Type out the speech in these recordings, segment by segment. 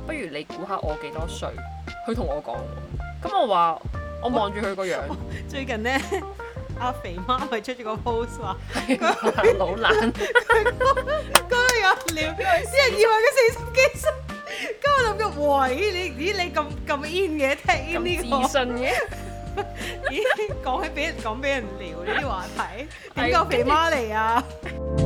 不如你估下我幾多歲？佢同我講，咁我話我望住佢個樣。最近咧，阿、啊、肥媽咪出咗個 post 話， 他老懶懶，嗰度有人聊，啲人以為佢四十幾歲，咁我諗住，喂，你咦你咁咁 in 嘅，聽呢個咁自信嘅，咦講起俾人講俾人聊呢啲話題，點個 肥媽嚟啊？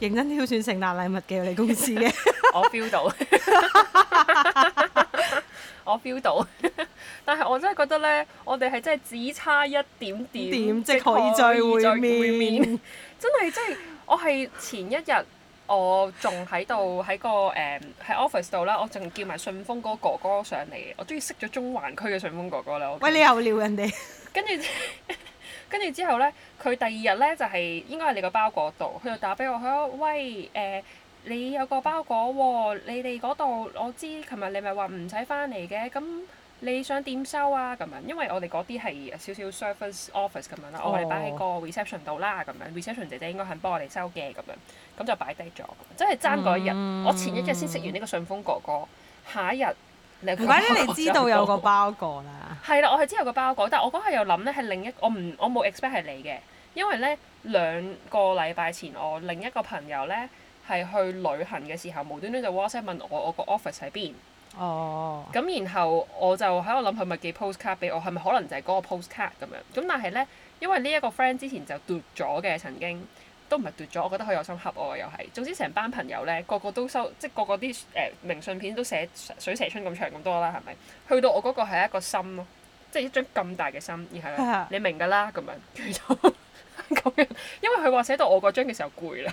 認真挑選聖誕禮物嘅你公司嘅， 我 feel 覺到， 我 feel 覺到， 但係我真係覺得呢，我哋係真係只差一點點，點即可以再會面， 真係真係，我係前一日我仲喺度喺個誒喺 office 度啦，我仲、uh, 叫埋順豐嗰個哥哥上嚟，我終於識咗中環區嘅順豐哥哥啦。喂，你又撩人哋， 跟住着。 跟住之後咧，佢第二日咧就係、是、應該係你個包裹度，佢就打俾我，佢話：喂誒、呃，你有個包裹喎、哦，你哋嗰度我知，琴日你咪話唔使翻嚟嘅，咁你想點收啊？咁樣，因為我哋嗰啲係少少 service office 咁樣啦，oh. 我哋擺喺個 reception 度啦，咁樣 reception 姐姐應該肯幫我哋收嘅，咁樣，咁就擺低咗，即係爭嗰一日，mm hmm. 我前一日先食完呢個順豐哥哥，下一日。唔怪得，你知道有個包裹啦。係 啦，我係知有個包裹，但係我嗰刻又諗咧，係另一我唔我冇 expect 係你嘅，因為咧兩個禮拜前我另一個朋友咧係去旅行嘅時候，無端端就 WhatsApp 問我我個 office 喺邊哦。咁、oh. 然後我就喺度諗，佢咪寄 postcard 俾我？係咪可能就係嗰個 postcard 咁樣，咁但係咧，因為呢一個 friend 之前就斷咗嘅，曾經。都唔係，**奪咗，我覺得佢有心恰我，又係。總之成班朋友咧，個個都收，即係個個啲誒、呃、明信片都寫水蛇春咁長咁多啦，係咪？去到我嗰個係一個心咯，即係一張咁大嘅心，然後你明噶啦，咁樣。最終講緊，因為佢話寫到我嗰張嘅時候攰啦。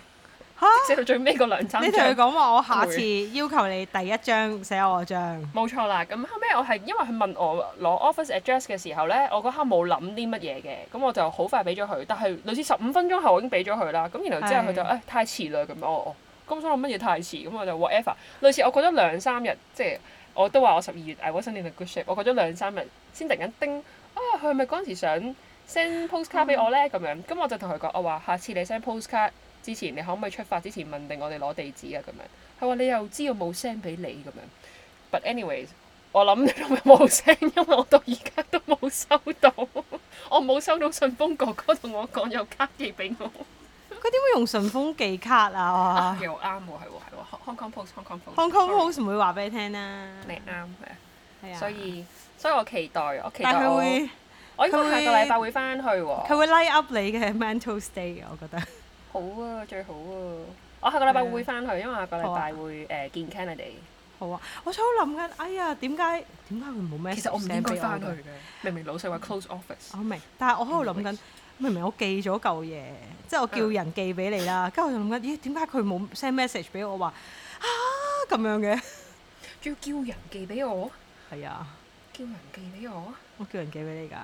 哈寫到最尾嗰兩張，你同佢講話我下次要求你第一張寫我嗰張。冇 錯啦，咁後尾我係因為佢問我攞 office address 嘅時候咧，我嗰刻冇諗啲乜嘢嘅，咁我就好快俾咗佢。但係類似十五分鐘後我已經俾咗佢啦，咁然後之後佢就誒、哎、太遲啦咁，我我咁我心諗乜嘢太遲，咁我就 whatever。類似我過咗兩三日，即係我都話我十二月誒 I wasn't in a good shape，我過咗兩三日先突然間叮啊，佢係咪嗰陣時想 send postcard 俾我咧咁、嗯、樣？咁我就同佢講，我話下次你 send postcard。之前你可唔可以出發之前問定我哋攞地址啊？咁樣，佢話你又知道冇 send 俾你咁樣。But anyways，我諗都冇 send，因為我到而家都冇收到， 我冇收到順豐哥哥同我講有卡寄俾我。佢點會用順豐寄卡啊？ 啊又啱喎，係喎，Hong Kong Post，Hong Kong Post，Hong Kong Post 唔 Kong Sorry. 會話俾你聽、啊、啦。你啱係啊，所以所以我期待我期待會我應該下個禮拜會翻去喎、啊。佢會拉 up 你嘅 mental state，我覺得。好啊，最好啊！我、oh, 下個禮拜會翻去，因為下個禮拜會誒、oh. uh, 見 Candy。好啊！我喺度諗緊，哎呀，點解？點解佢冇咩？其實我唔應該翻去嘅。明明老細話 close office。我明，但係我喺度諗緊，明明我寄咗嚿嘢，即係我叫人寄俾你啦。跟住、oh. 我諗緊，咦、哎？點解佢冇 send message 俾我話啊？咁樣嘅，仲要叫人寄俾我？係啊，叫人寄俾我。我叫人寄俾你㗎。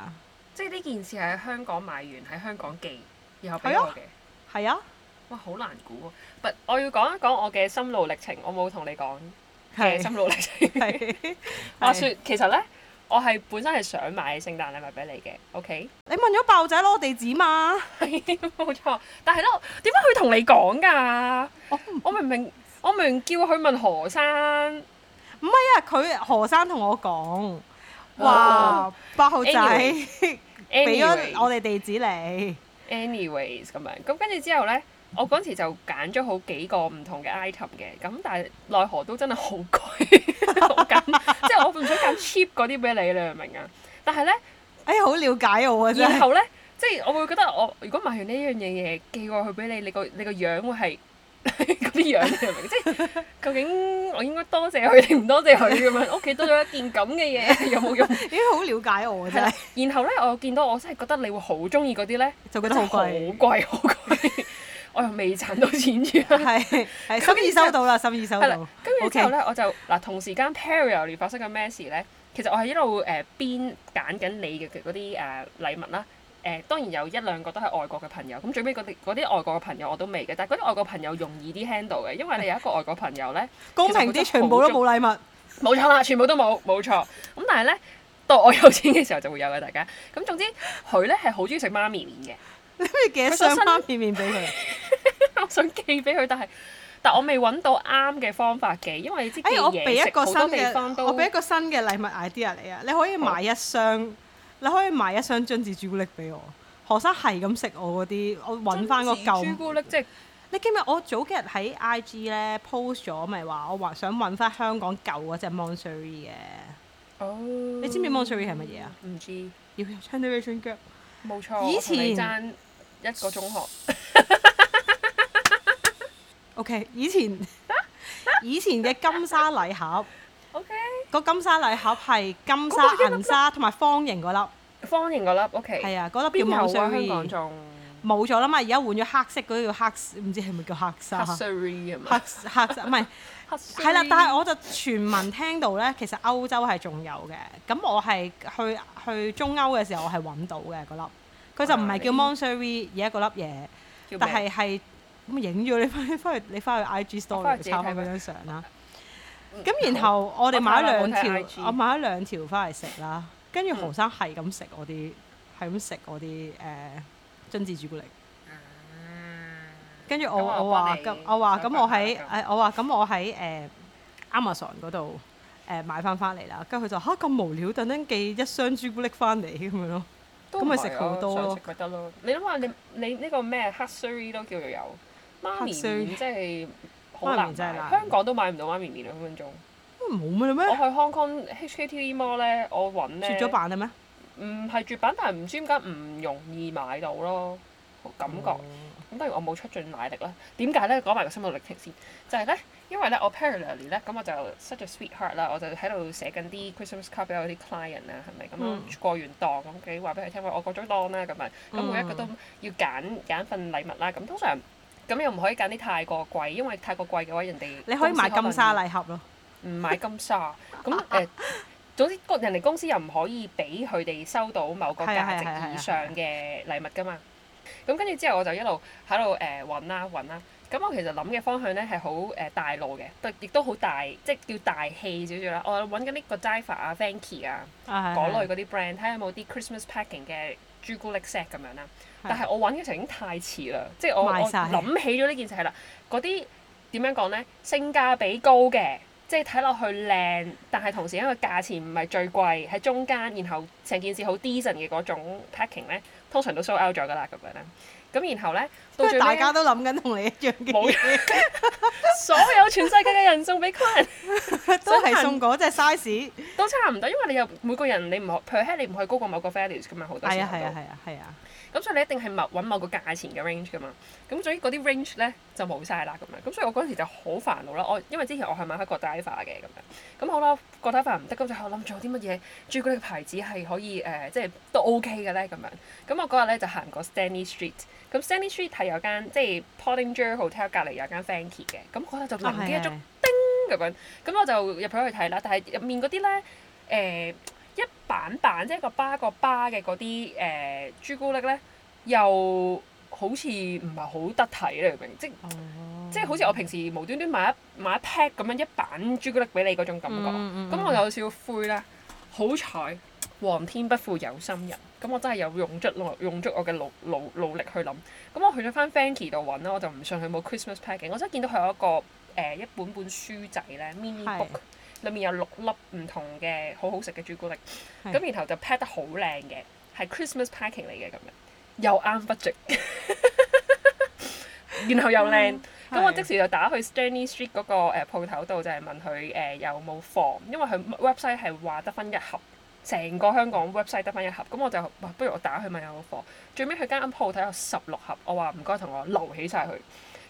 即係呢件事係喺香港買完，喺香港寄，然後俾我嘅。哎係啊，哇，好難估啊。不，我要講一講我嘅心路歷程，我冇同你講嘅心路歷程。話説其實咧，我係本身係想買聖誕禮物俾你嘅，OK？你問咗爆仔攞地址嘛？係冇 錯，但係咧，點解佢同你講㗎不？我明明我明明叫佢問何生，唔係啊！佢何生同我講哇，哦、八號仔俾咗 Anyway, anyway, 我哋地址你。anyways 咁樣，咁跟住之後咧，我嗰時就揀咗好幾個唔同嘅 item 嘅，咁但係奈何都真係好貴，咁 選 即係我唔想揀 cheap 嗰啲俾你，你明唔明啊？但係咧，哎，好了解我啊！然後咧，即係我會覺得我如果買完呢一樣嘢嘢寄過去俾你，你個你個樣會係。嗰啲 樣嘅， 即係究竟我應該多謝佢定唔多謝佢咁樣？屋企多咗一件咁嘅嘢有冇用？已經，好了解我啊！ 然後咧，我見到我真係覺得你會好中意嗰啲咧，就覺得好貴，好 貴，好貴！ 我又未賺到錢住，係 心意收到啦，心意收到啦。跟住 之後咧， 我就嗱同時間 period 發生緊咩事咧？其實我係一路誒邊揀緊你嘅嗰啲誒禮物啦。誒、呃、當然有一兩個都係外國嘅朋友，咁最尾嗰啲啲外國嘅朋友我都未嘅，但係嗰啲外國朋友容易啲 handle 嘅，因為你有一個外國朋友咧，公平啲，全部都冇禮物，冇錯啦， 全部都冇，冇錯。咁但係咧，到我有錢嘅時候就會有嘅。大家。咁總之佢咧係好中意食媽咪麵嘅，你可以寄一箱媽咪麵俾佢？ 我想寄俾佢，但係，但我未揾到啱嘅方法寄，因為你知。哎呀，我俾一個新嘅，我俾一個新嘅禮物 idea 你啊，你可以買一箱。你可以買一箱榛子朱古力俾我，何生係咁食我嗰啲，我揾翻個舊朱古力即係。就是，你記唔記得我早幾日喺 IG 咧 post 咗，咪話我話想揾翻香港舊嗰隻 Monterey 嘅。哦，oh, 你知唔知 Monterey 係乜嘢啊？唔知。要穿啲咩穿腳？冇錯。以前爭一個中學。 OK，以前以前嘅金沙禮盒。個金沙禮盒係金沙銀沙同埋方形嗰粒，方形嗰粒 OK。係啊，嗰粒叫 Monceri，冇咗啦嘛！而家換咗黑色嗰叫黑，唔知係咪叫黑沙，m o n 係黑黑唔係。係啦，但係我就全民聽到咧，其實歐洲係仲有嘅。咁我係去去中歐嘅時候，我係揾到嘅嗰粒。佢就唔係叫 Monceri 而家個粒嘢，但係係咁影咗你翻翻去你翻去 IG Story 嚟抄開嗰張相啦。咁然後我哋買咗兩條，我買咗兩條翻嚟食啦。跟住何生係咁食我啲，係咁食我啲誒榛子朱古力。跟住我我話咁，我話咁我喺誒，我話咁我喺誒 Amazon 嗰度誒買翻翻嚟啦。跟住佢就吓，咁無聊，等陣寄一箱朱古力翻嚟咁樣咯。都唔係我想食咪得咯。你諗下，你你呢個咩黑酸都叫做有，黒酸即係。可能真係香港都買唔到媽咪麵啦，分分鐘。都冇咩咩。我去 Hong Kong HKTV Mall 咧，我揾咧。絕咗版啦咩？唔係絕版，但係唔知點解唔容易買到咯，感覺。咁、嗯、當然我冇出盡奶力啦。點解咧？講埋個心路歷程先，就係、是、咧，因為咧我 parallelly 咧，咁我就 such a sweetheart 啦、嗯，我就喺度寫緊啲 Christmas card 俾我啲 client 啦，係咪咁過完檔咁，話俾佢聽話我過咗檔啦咁啊，咁每一個都要揀揀份禮物啦，咁通常。咁又唔可以揀啲太過貴，因為太過貴嘅話，人哋你可以買金莎禮盒咯，唔買金莎。咁誒，總之個人哋公司又唔可以俾佢哋收到某個價值以上嘅禮物噶嘛。咁跟住之後，我就一路喺度誒揾啦揾啦。咁我其實諗嘅方向咧係好誒大路嘅，亦都好大，即係叫大氣少少啦。我揾緊呢個 Diver 啊，Fancy 啊，嗰類嗰啲 brand，睇下有冇啲 Christmas packing 嘅朱古力 set 咁樣啦。但係我揾嘅時候已經太遲啦，即係我我諗起咗呢件事係啦，嗰啲點樣講咧？性價比高嘅，即係睇落去靚，但係同時因為價錢唔係最貴喺中間，然後成件事好 decent 嘅嗰種 packing 咧，通常都 sold out 咗噶啦咁樣啦。咁然後咧，後大家都諗緊同你一樣嘅嘢。沒有 所有全世界嘅人送俾佢， 都係送嗰隻 size， 都差唔多。因為你又每個人你唔好，譬如你唔去高過某個 values 咁嘛，好多時候都啊係啊係啊！哎咁所以你一定係揾某個價錢嘅 range 㗎嘛，咁所以嗰啲 range 咧就冇晒啦咁樣，咁所以我嗰時就好煩惱啦，我因為之前我係買開國泰化嘅咁樣，咁好啦，國泰化唔得，咁就我諗做啲乜嘢朱古力牌子係可以誒，即係都 OK 嘅咧咁樣，咁我嗰日咧就行過 Stanley Street，咁 Stanley Street 係有間即係 Pottinger Hotel 隔離有間 Fanky 嘅，咁嗰日就臨機一足叮咁樣，咁我就入去去睇啦，但係入面嗰啲咧誒。一版版即係一個巴個巴嘅嗰啲誒朱古力咧，又好似唔係好得體，你明唔明？即、oh. 即係好似我平時無端端買一買一 pack 咁樣一版朱古力俾你嗰種感覺，咁、mm hmm. 我有少少灰啦。好彩，皇天不負有心人，咁我真係有用足用足我嘅努努努力去諗。咁我去咗翻 Fanky 度揾啦，我就唔信佢冇 Christmas pack 嘅。我真係見到佢有一個誒、呃、一本，本本書仔咧，mini book。裏面有六粒唔同嘅好好食嘅朱古力，咁的然後就 pack 得好靚嘅，係 Christmas packing 嚟嘅咁樣，又啱 budget， 然後又靚，咁我即時就打去 Stanley Street 嗰、那個誒鋪頭度就係問佢誒有冇貨，因為佢 website 係話得翻一盒，成個香港 website 得翻一盒，咁我就話不如我打去問有冇貨，最尾佢間鋪頭有十六盒，我話唔該同我留起晒佢，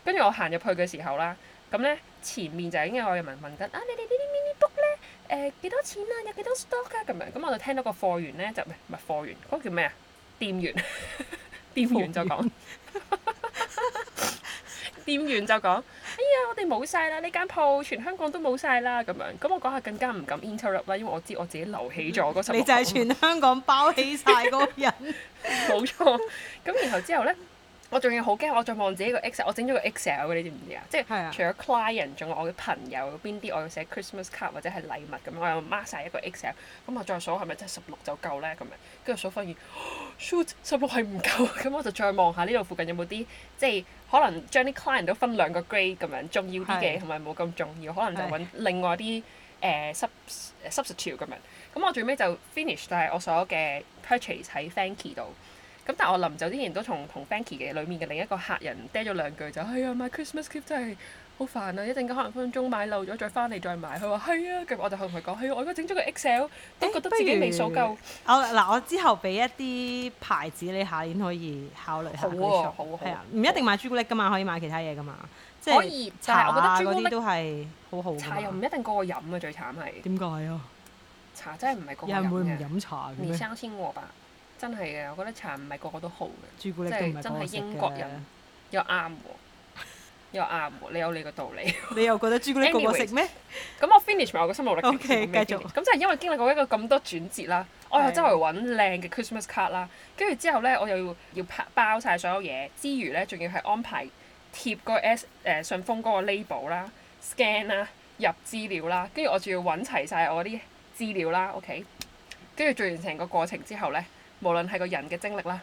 跟住我行入去嘅時候啦，咁咧。前面就已經有人問問緊啊，你哋呢啲 mini book 咧誒幾多錢啊，有幾多 stock 啊咁樣，咁我就聽到個貨源咧就唔係貨源嗰個叫咩啊？店員，店 員就講，店員 就講，哎呀我哋冇晒啦，呢間鋪全香港都冇晒啦咁樣，咁我嗰下更加唔敢 interrupt 啦，因為我知我自己留起咗嗰層，你就係全香港包起晒嗰個人，冇 錯。咁然後之後咧。 我仲要好驚，我再望自己 Excel，個 Excel，我整咗個 Excel 嘅，你知唔知啊？即係除咗 client，仲有我嘅朋友邊啲，我要寫 Christmas card 或者係禮物咁，我又 mark 晒一個 Excel。咁我再數係咪真係十六就夠咧？咁樣跟住數翻完，shoot，十六係唔夠，咁我就再望下呢度附近有冇啲，即係可能將啲 client 都分兩個 grade 咁樣，重要啲嘅同埋冇咁重要，可能就揾另外啲誒 sub substitute 咁樣。咁我最尾就 finish 就我所有嘅 purchase 喺 Fancy 度。咁但係我臨走之前都從同 Fancy 嘅裏面嘅另一個客人嗲咗兩句就係啊 My Christmas gift 真係好煩啊！一陣間可能分分鐘買漏咗，再翻嚟再買。佢話係啊，跟住我就同佢講係啊，我而家整咗個 Excel 都覺得自己未數夠。我嗱我之後俾一啲牌子，你下年可以考慮下。好好喎，啊，唔一定買朱古力㗎嘛，可以買其他嘢㗎嘛。即係茶啊朱古力都係好好。茶又唔一定個個飲嘅，最慘係。點解啊？茶真係唔係個個飲嘅。有人會唔飲茶嘅咩？生鮮和吧。真係嘅，我覺得茶唔係個個都好嘅。朱古力真唔係我食嘅。又啱喎，又啱喎，你有你個道理。 你又覺得朱古力個個食咩？咁 Anyway, 我 finish 埋我個心路歷程。O Okay , K，繼續。咁就係因為經歷過一個咁多轉折啦。 我又周圍揾靚嘅 Christmas card 啦，跟住之後呢，我又要要包包曬所有嘢，之餘呢，仲要係安排貼個 S 誒信封嗰個 label 啦、scan 啦、入資料啦，跟住我仲要揾齊晒我啲資料啦。O K，跟住做完成個過程之後呢。無論係個人嘅精力啦、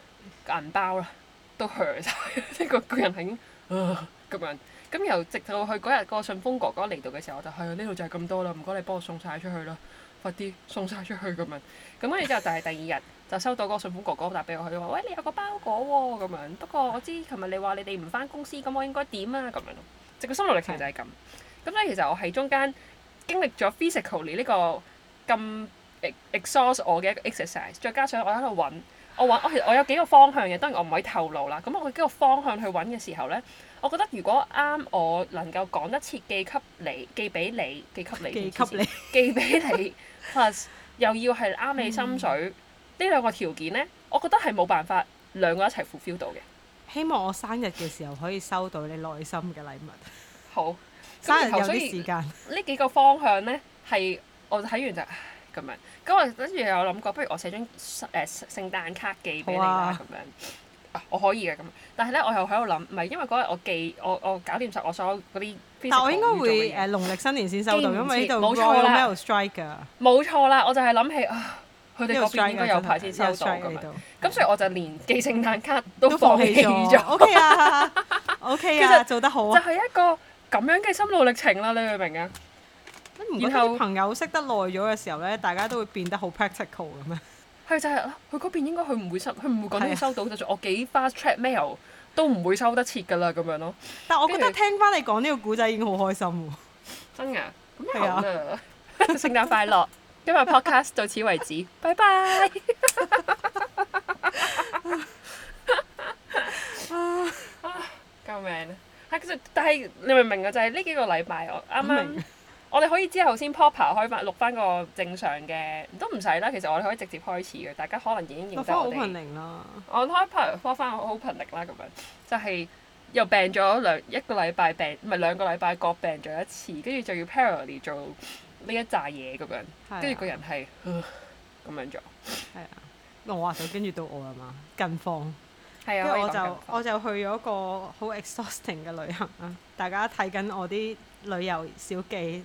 銀包啦，都蝦曬，即係個個人係已啊咁樣。咁由 直到去嗰日個順豐哥哥嚟到嘅時候，我就係呢度就係咁多啦，唔該你幫我送晒出去啦，快啲送晒出去咁樣。咁跟住之後就係第二日 就收到嗰個順豐哥哥打俾我，佢話喂，你有個包裹喎、喔、咁樣。不過我知琴日你話你哋唔翻公司，咁我應該點啊咁樣。即係個心路歷程就係咁。咁所 其實我喺中間經歷咗 physically 呢個咁。exhaust 我嘅一個 exercise，再加上我喺度揾，我揾，我其實我有幾個方向嘅，當然我唔可以透露啦。咁我幾個方向去揾嘅時候咧，我覺得如果啱我能夠講一次寄給你，寄俾你，寄給你，寄俾你，寄俾你 plus 又要係啱你心水，呢、嗯、兩個條件咧，我覺得係冇辦法兩個一齊 fulfill 到嘅。希望我生日嘅時候可以收到你內心嘅禮物。好，生日後有啲時間。呢幾個方向咧係我睇完就。咁樣，咁我跟住又有諗過，不如我寫張誒聖誕卡寄俾你啦，咁樣我可以嘅咁。但係咧，我又喺度諗，唔係因為嗰日我寄，我我搞掂晒我所有嗰啲。但我應該會誒農曆新年先收到，因為呢度。冇錯冇錯啦，我就係諗起啊，佢哋嗰邊應該有排先收到咁樣。咁所以我就連寄聖誕卡都放棄咗。O K 啊，O K 啊，做得好啊。就係一個咁樣嘅心路歷程啦，你明唔明啊？然後朋友識得耐咗嘅時候咧，大家都會變得好 practical 嘅咩？係就係佢嗰邊應該佢唔會收，佢唔會講收到就我幾 fast track mail 都唔會收得切噶啦，咁樣咯。但我覺得聽翻你講呢個古仔已經好開心喎。真㗎，係啊！聖誕快樂，今日 podcast 到此為止，拜拜。救命啊！但係你明唔明啊？就係呢幾個禮拜我啱啱。我哋可以之後先 pop 排開翻錄翻個正常嘅，都唔使啦。其實我哋可以直接開始嘅。大家可能已經應。錄好勤力啦。我 proper 開排錄翻好勤力啦，咁樣就係又病咗兩一個禮拜病，唔係兩個禮拜各病咗一次，跟住就要 parallel 做呢一紮嘢咁樣，跟住個人係咁樣做。係啊，我啊就跟住到我啊嘛，近況。係啊，我就我就去咗一個好 exhausting 嘅旅行啦。大家睇緊我啲旅遊小記。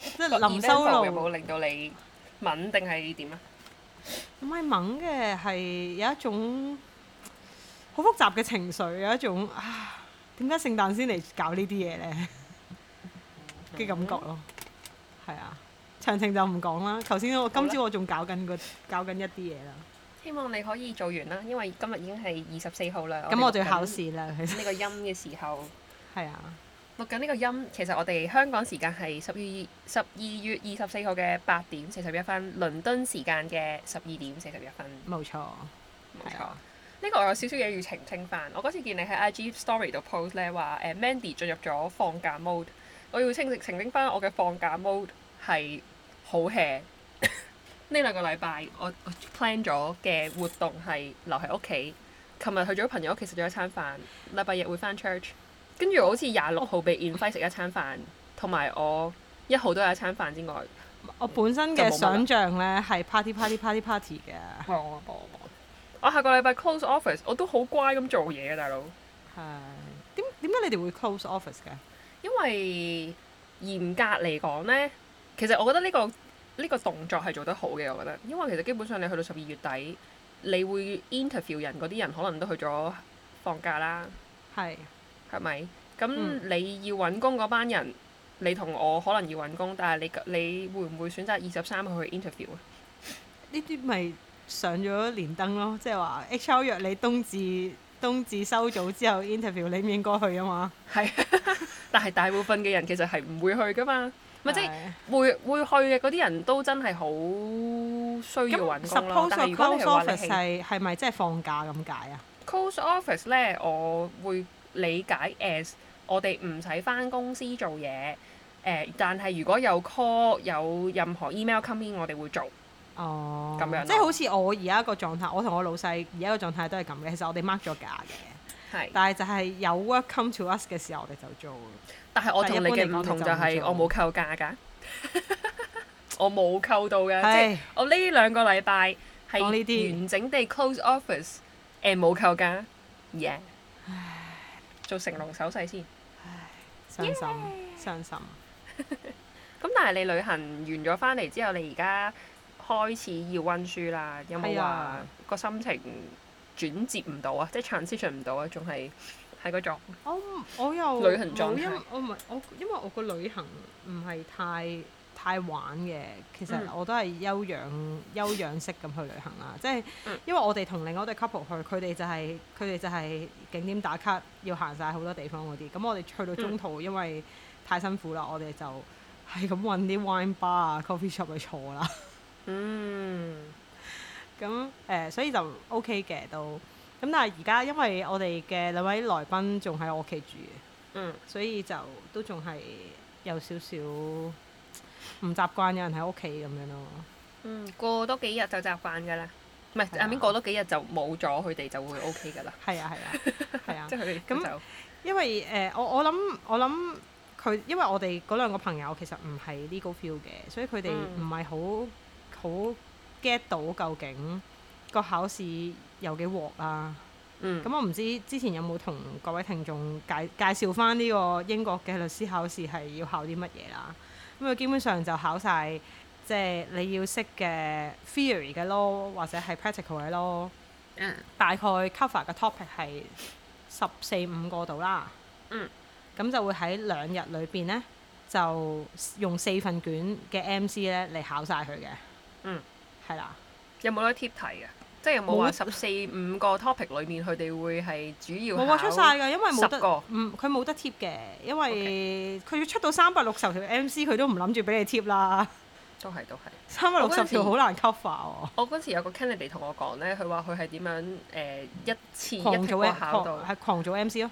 即係臨修路，有冇令到你敏定係點啊？唔係猛嘅，係有一種好複雜嘅情緒，有一種 覺、嗯、啊，點解聖誕先嚟搞呢啲嘢咧嘅感覺咯？係啊，詳情就唔講啦。頭先我今朝我仲搞緊個吧搞緊一啲嘢啦。希望你可以做完啦，因為今日已經係二十四號啦。咁我就要考試啦。其實呢個音嘅時候係 啊。錄緊呢個音，其實我哋香港時間係十二十二月二十四號嘅八點四十一分，倫敦時間嘅十二點四十一分。冇錯，冇錯。呢對個我有少少嘢要澄清翻。我嗰次見你喺 IG story 度 post 咧話，誒 Mandy 進入咗放假 mode，我要清直澄清翻我嘅放假 mode 係好 hea。呢 兩個禮拜我我 plan 咗嘅活動係留喺屋企。琴日去咗朋友屋企食咗一餐飯。禮拜日會翻 church。跟住好似廿六號被 invite 食一餐飯，同埋我一號都有一餐飯之外，我本身嘅、嗯、想象咧係 party party party party 嘅。 我下個禮拜 close office，我都好乖咁做嘢嘅，大佬。係點點解你哋會 close office 嘅？因為嚴格嚟講咧，其實我覺得呢、呢個呢、呢個動作係做得好嘅。我覺得，因為其實基本上你去到十二月底，你會 interview 人嗰啲人，人可能都去咗放假啦。係。係咪？咁你要揾工嗰班人，嗯、你同我可能要揾工，但係你你會唔會選擇二十三號去 Interview 啊？呢啲咪上咗年燈咯，即係話 HR 約你冬至冬至收早之後 Interview，你唔應該去啊嘛。係、啊。但係大部分嘅人其實係唔會去噶嘛，咪對即係會會去嘅嗰啲人都真係好需要揾工啦。咁 Close 那 Close Office 係咪即係放假咁解啊？Close Office 咧，我會理解 as 我哋唔使翻公司做嘢誒，但係如果有 call 有任何 email come in 我哋會做哦。咁、嗯、樣即係好似我而家個狀態，我同我老細而家個狀態都係咁嘅。其實我哋 mark 咗假嘅，係是，但係就係有 work come to us 嘅時候，我哋就做。但係我你同你嘅唔同就係我冇扣假噶， 我冇扣到嘅，是即係我呢兩個禮拜係完整地 close office 誒、欸、冇扣假 yeah 做成龍手勢先，唉，傷心，Yeah. 傷心。咁 但係你旅行完咗翻嚟之後，你而家開始要温書啦，有冇話個心情轉接唔到啊？Yeah. 即係 transition 唔到啊？仲係喺嗰種？Oh, 我有旅行狀態我又冇因為我唔係我，因為我個旅行唔係太。太玩嘅，其實我都係休養、嗯、休養式咁去旅行啦。即係因為我哋同另外一對 couple 去，佢哋就係佢哋就係景點打卡，要行晒好多地方嗰啲。咁我哋去到中途，嗯、因為太辛苦啦，我哋就係咁揾啲 wine bar 啊、coffee shop 去坐啦。嗯，咁誒，所以就 OK 嘅都咁。但係而家因為我哋嘅兩位來賓仲喺我屋企住，嗯，所以就都仲係有少少。唔習慣有人喺屋企咁樣咯。嗯，過多幾日就習慣㗎啦，唔係後面，過多幾日就冇咗佢哋，就會 O K 㗎啦。係啊係啊，係啊。 啊 即係佢哋咁就因為誒、呃，我我諗我諗佢，因為我哋嗰兩個朋友其實唔係 legal field 嘅，所以佢哋唔係好好 get 到究竟個考試有幾鑊啊。嗯。咁我唔知之前有冇同各位聽眾介介紹翻呢個英國嘅律師考試係要考啲乜嘢啦？咁啊，基本上就考晒，即係你要識嘅 theory 嘅咯，或者係 practical 嘅咯。嗯。大概 cover 嘅 topic 係十四五個度啦。嗯。咁就會喺兩日裏邊咧，就用四份卷嘅 MC 咧嚟考晒佢嘅。嗯。係啦。有冇得貼題嘅？即係有冇話十四五個 topic 裏面，佢哋會係主要考？冇啊，出晒㗎，因為冇得，個嗯，佢冇得 tip 嘅，因為佢要出到三百六十條 MC，佢都唔諗住俾你 tip 啦。都係，都係 360 條。三百六十條好難 cover 喎，啊。我嗰時有個 candidate 同我講咧，佢話佢係點樣誒、呃、一次做一一考到，係狂組 MC 咯。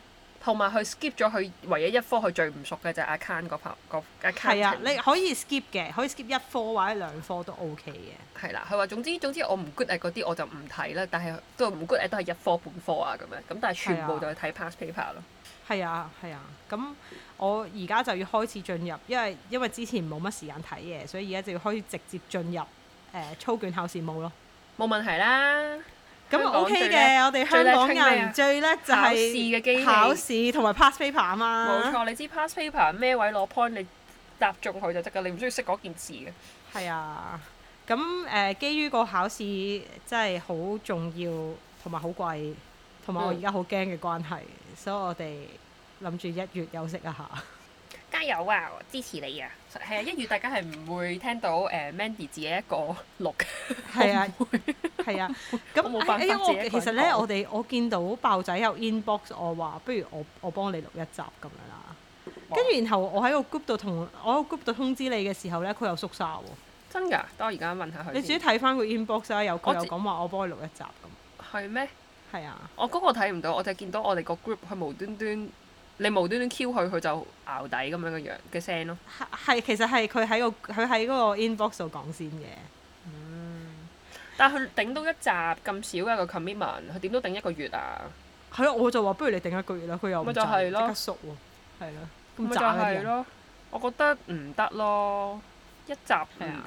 同埋佢 skip 咗佢唯一一科佢最唔熟嘅，就係 account、嗰 part 係、嗰、啊，你可以 skip 嘅，可以 skip 一科或者兩科都 OK 嘅。係啦、啊，佢話，總之總之我唔 good at 嗰啲我就唔睇啦，但係都唔 good at 都係一科半科啊，咁樣。咁但係全部就睇 past paper 咯。係啊，係啊，咁、啊、我而家就要開始進入，因為因為之前冇乜時間睇嘢，所以而家就要開始直接進入誒、呃、操卷考試 mode 咯，冇問題啦。咁 OK 嘅，我哋香港人最叻就係考試嘅機器，考試同埋 pass paper 啊嘛。冇錯，你知 pass paper 咩位攞 point，你答中佢就得㗎，你唔需要識嗰件事嘅。係啊，咁誒，基於個考試真係好重要，同埋好貴，同埋我而家好驚嘅關係，嗯、 所以我哋諗住一月休息一下。加油啊！支持你啊！係啊，一月大家係唔會聽到誒、uh, Mandy 自己一個錄嘅，係 會 啊，係啊。咁冇辦法。其實咧，我哋我見到爆仔有 inbox，我話不如我我幫你錄一集咁樣啦。跟住然後我喺個 group 度同我 group 度通知你嘅時候咧，佢又縮沙喎。真㗎？當而家問下佢。你自己睇翻個 inbox 啦、啊，有佢有講話我幫你錄一集咁。係咩自？係嗎啊。我嗰個睇唔到，我就見到我哋個 group 佢無端端，端。你無端端 Q 佢，佢就淆底咁樣嘅樣嘅聲咯。係係，其實係佢喺個佢喺嗰個 inbox 度講先嘅。嗯。但係佢頂到一集咁少嘅、啊、個 commitment，佢點都頂一個月啊？係啊，我就話不如你頂一個月啦，佢又唔賺即刻縮喎、啊，係啦。咪就係咯，咯，我覺得唔得咯，一集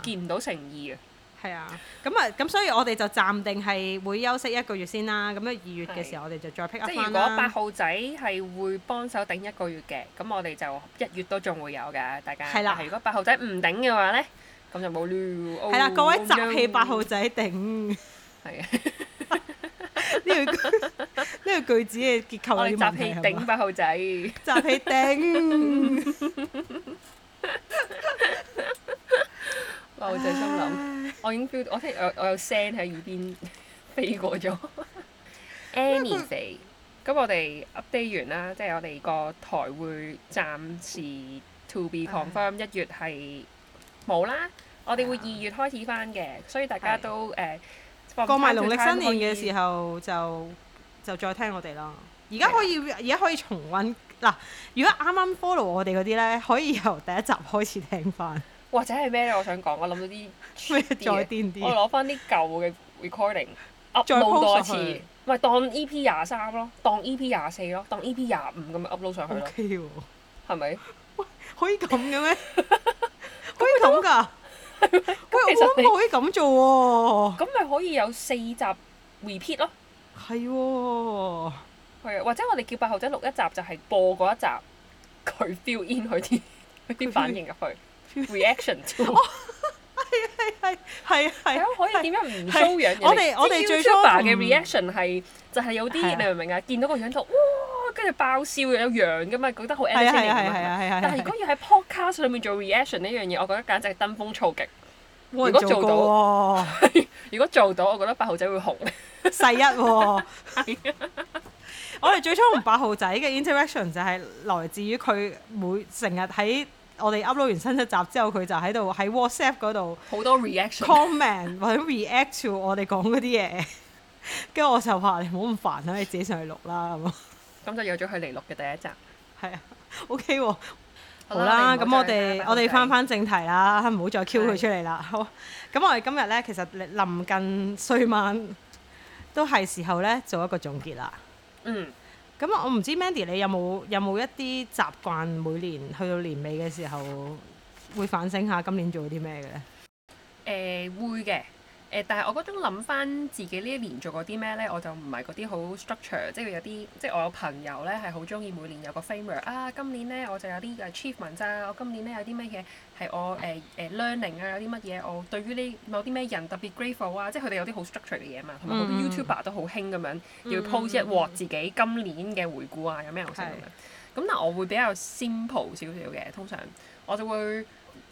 見唔到誠意啊！係啊，咁啊，咁所以我哋就暫定係會休息一個月先啦。咁樣二月嘅時候，我哋就再 pick 翻啦。即係、就是、如果八號仔係會幫手頂一個月嘅，咁我哋就一月都仲會有㗎，大家。係啦的，如果八號仔唔頂嘅話咧，咁就冇了。係、哦、啦，各位集氣八號仔頂。係啊的，呢個呢個句子嘅結構。我哋集氣頂八號仔。集氣頂。 我就心諗，我已經 feel 到，我聽我我有聲喺耳邊飛過咗。Anyway，咁我哋 update 完啦，即係我哋個台會暫時 to be confirmed，一月係冇啦，我哋會二月開始翻嘅，所以大家都誒過埋農曆新年嘅時候就就再聽我哋啦。而家可以，而家可以重溫嗱，如果啱啱 follow 我哋嗰啲咧，可以由第一集開始聽翻。或者係咩咧？我想講，我諗到啲再癲啲，我攞翻啲舊嘅 recording，upload 多 次，咪係當 EP 廿三咯，當 EP 廿四咯，當 EP 廿五咁樣 upload 上去咯。O Okay .係咪？可以咁嘅咩？ 可以咁㗎、啊？咁 其實我可以咁做喎。咁咪可以有四集 repeat 咯。係喎、 哦。啊， 或者我哋叫八號仔錄一集，就係播嗰一集，佢 fill in 佢啲佢啲反應入去。reaction 哦係係係係係啊可以點樣唔 s h 我哋我哋最初嘅 reaction 係就係有啲你明唔明啊？見到個樣套哇，跟住爆笑有樣嘅嘛，覺得好但係如果要喺 podcast 裏面做 reaction 呢樣嘢，我覺得簡直登峰造極。如果做到，如果做到，我覺得八號仔會紅。細一我哋最初同八號仔嘅 interaction 就係來自於佢每成日喺。我哋 upload 完新一集之後，佢就喺度喺 WhatsApp 嗰度好多 reaction、comment 或者 react to 我哋講嗰啲嘢，跟 住我就話：你唔好咁煩啦，你自己上去錄啦。咁咁就有咗佢嚟錄嘅第一集。係 啊，OK 喎、哦。好啦，咁我哋、啊、我哋翻返正題啦，唔好再 Q 佢出嚟啦。對好，咁我哋今日咧，其實臨近歲晚都係時候咧，做一個總結啦。嗯。咁、嗯、我唔知 Mandy 你有冇有冇一啲習慣每年去到年尾嘅時候會反省下今年做咗啲咩嘅咧？誒、欸、會嘅。誒、呃，但係我嗰種諗翻自己呢一年做過啲咩咧，我就唔係嗰啲好 structure，即係有啲，即係我有朋友咧係好中意每年有個 summary 啊，今年咧我就有啲 achievement 啊，我今年咧有啲咩嘢係我誒誒、呃呃、learning 啊，有啲乜嘢我對於呢某啲咩人特別 grateful 啊，即係佢哋有啲好 structure 嘅嘢嘛，同埋好多 YouTuber 都好興咁樣、嗯、要 post 一鑊自己今年嘅回顧啊，嗯、有咩好咁樣。咁是但係我會比較 simple 少少嘅，通常我就會。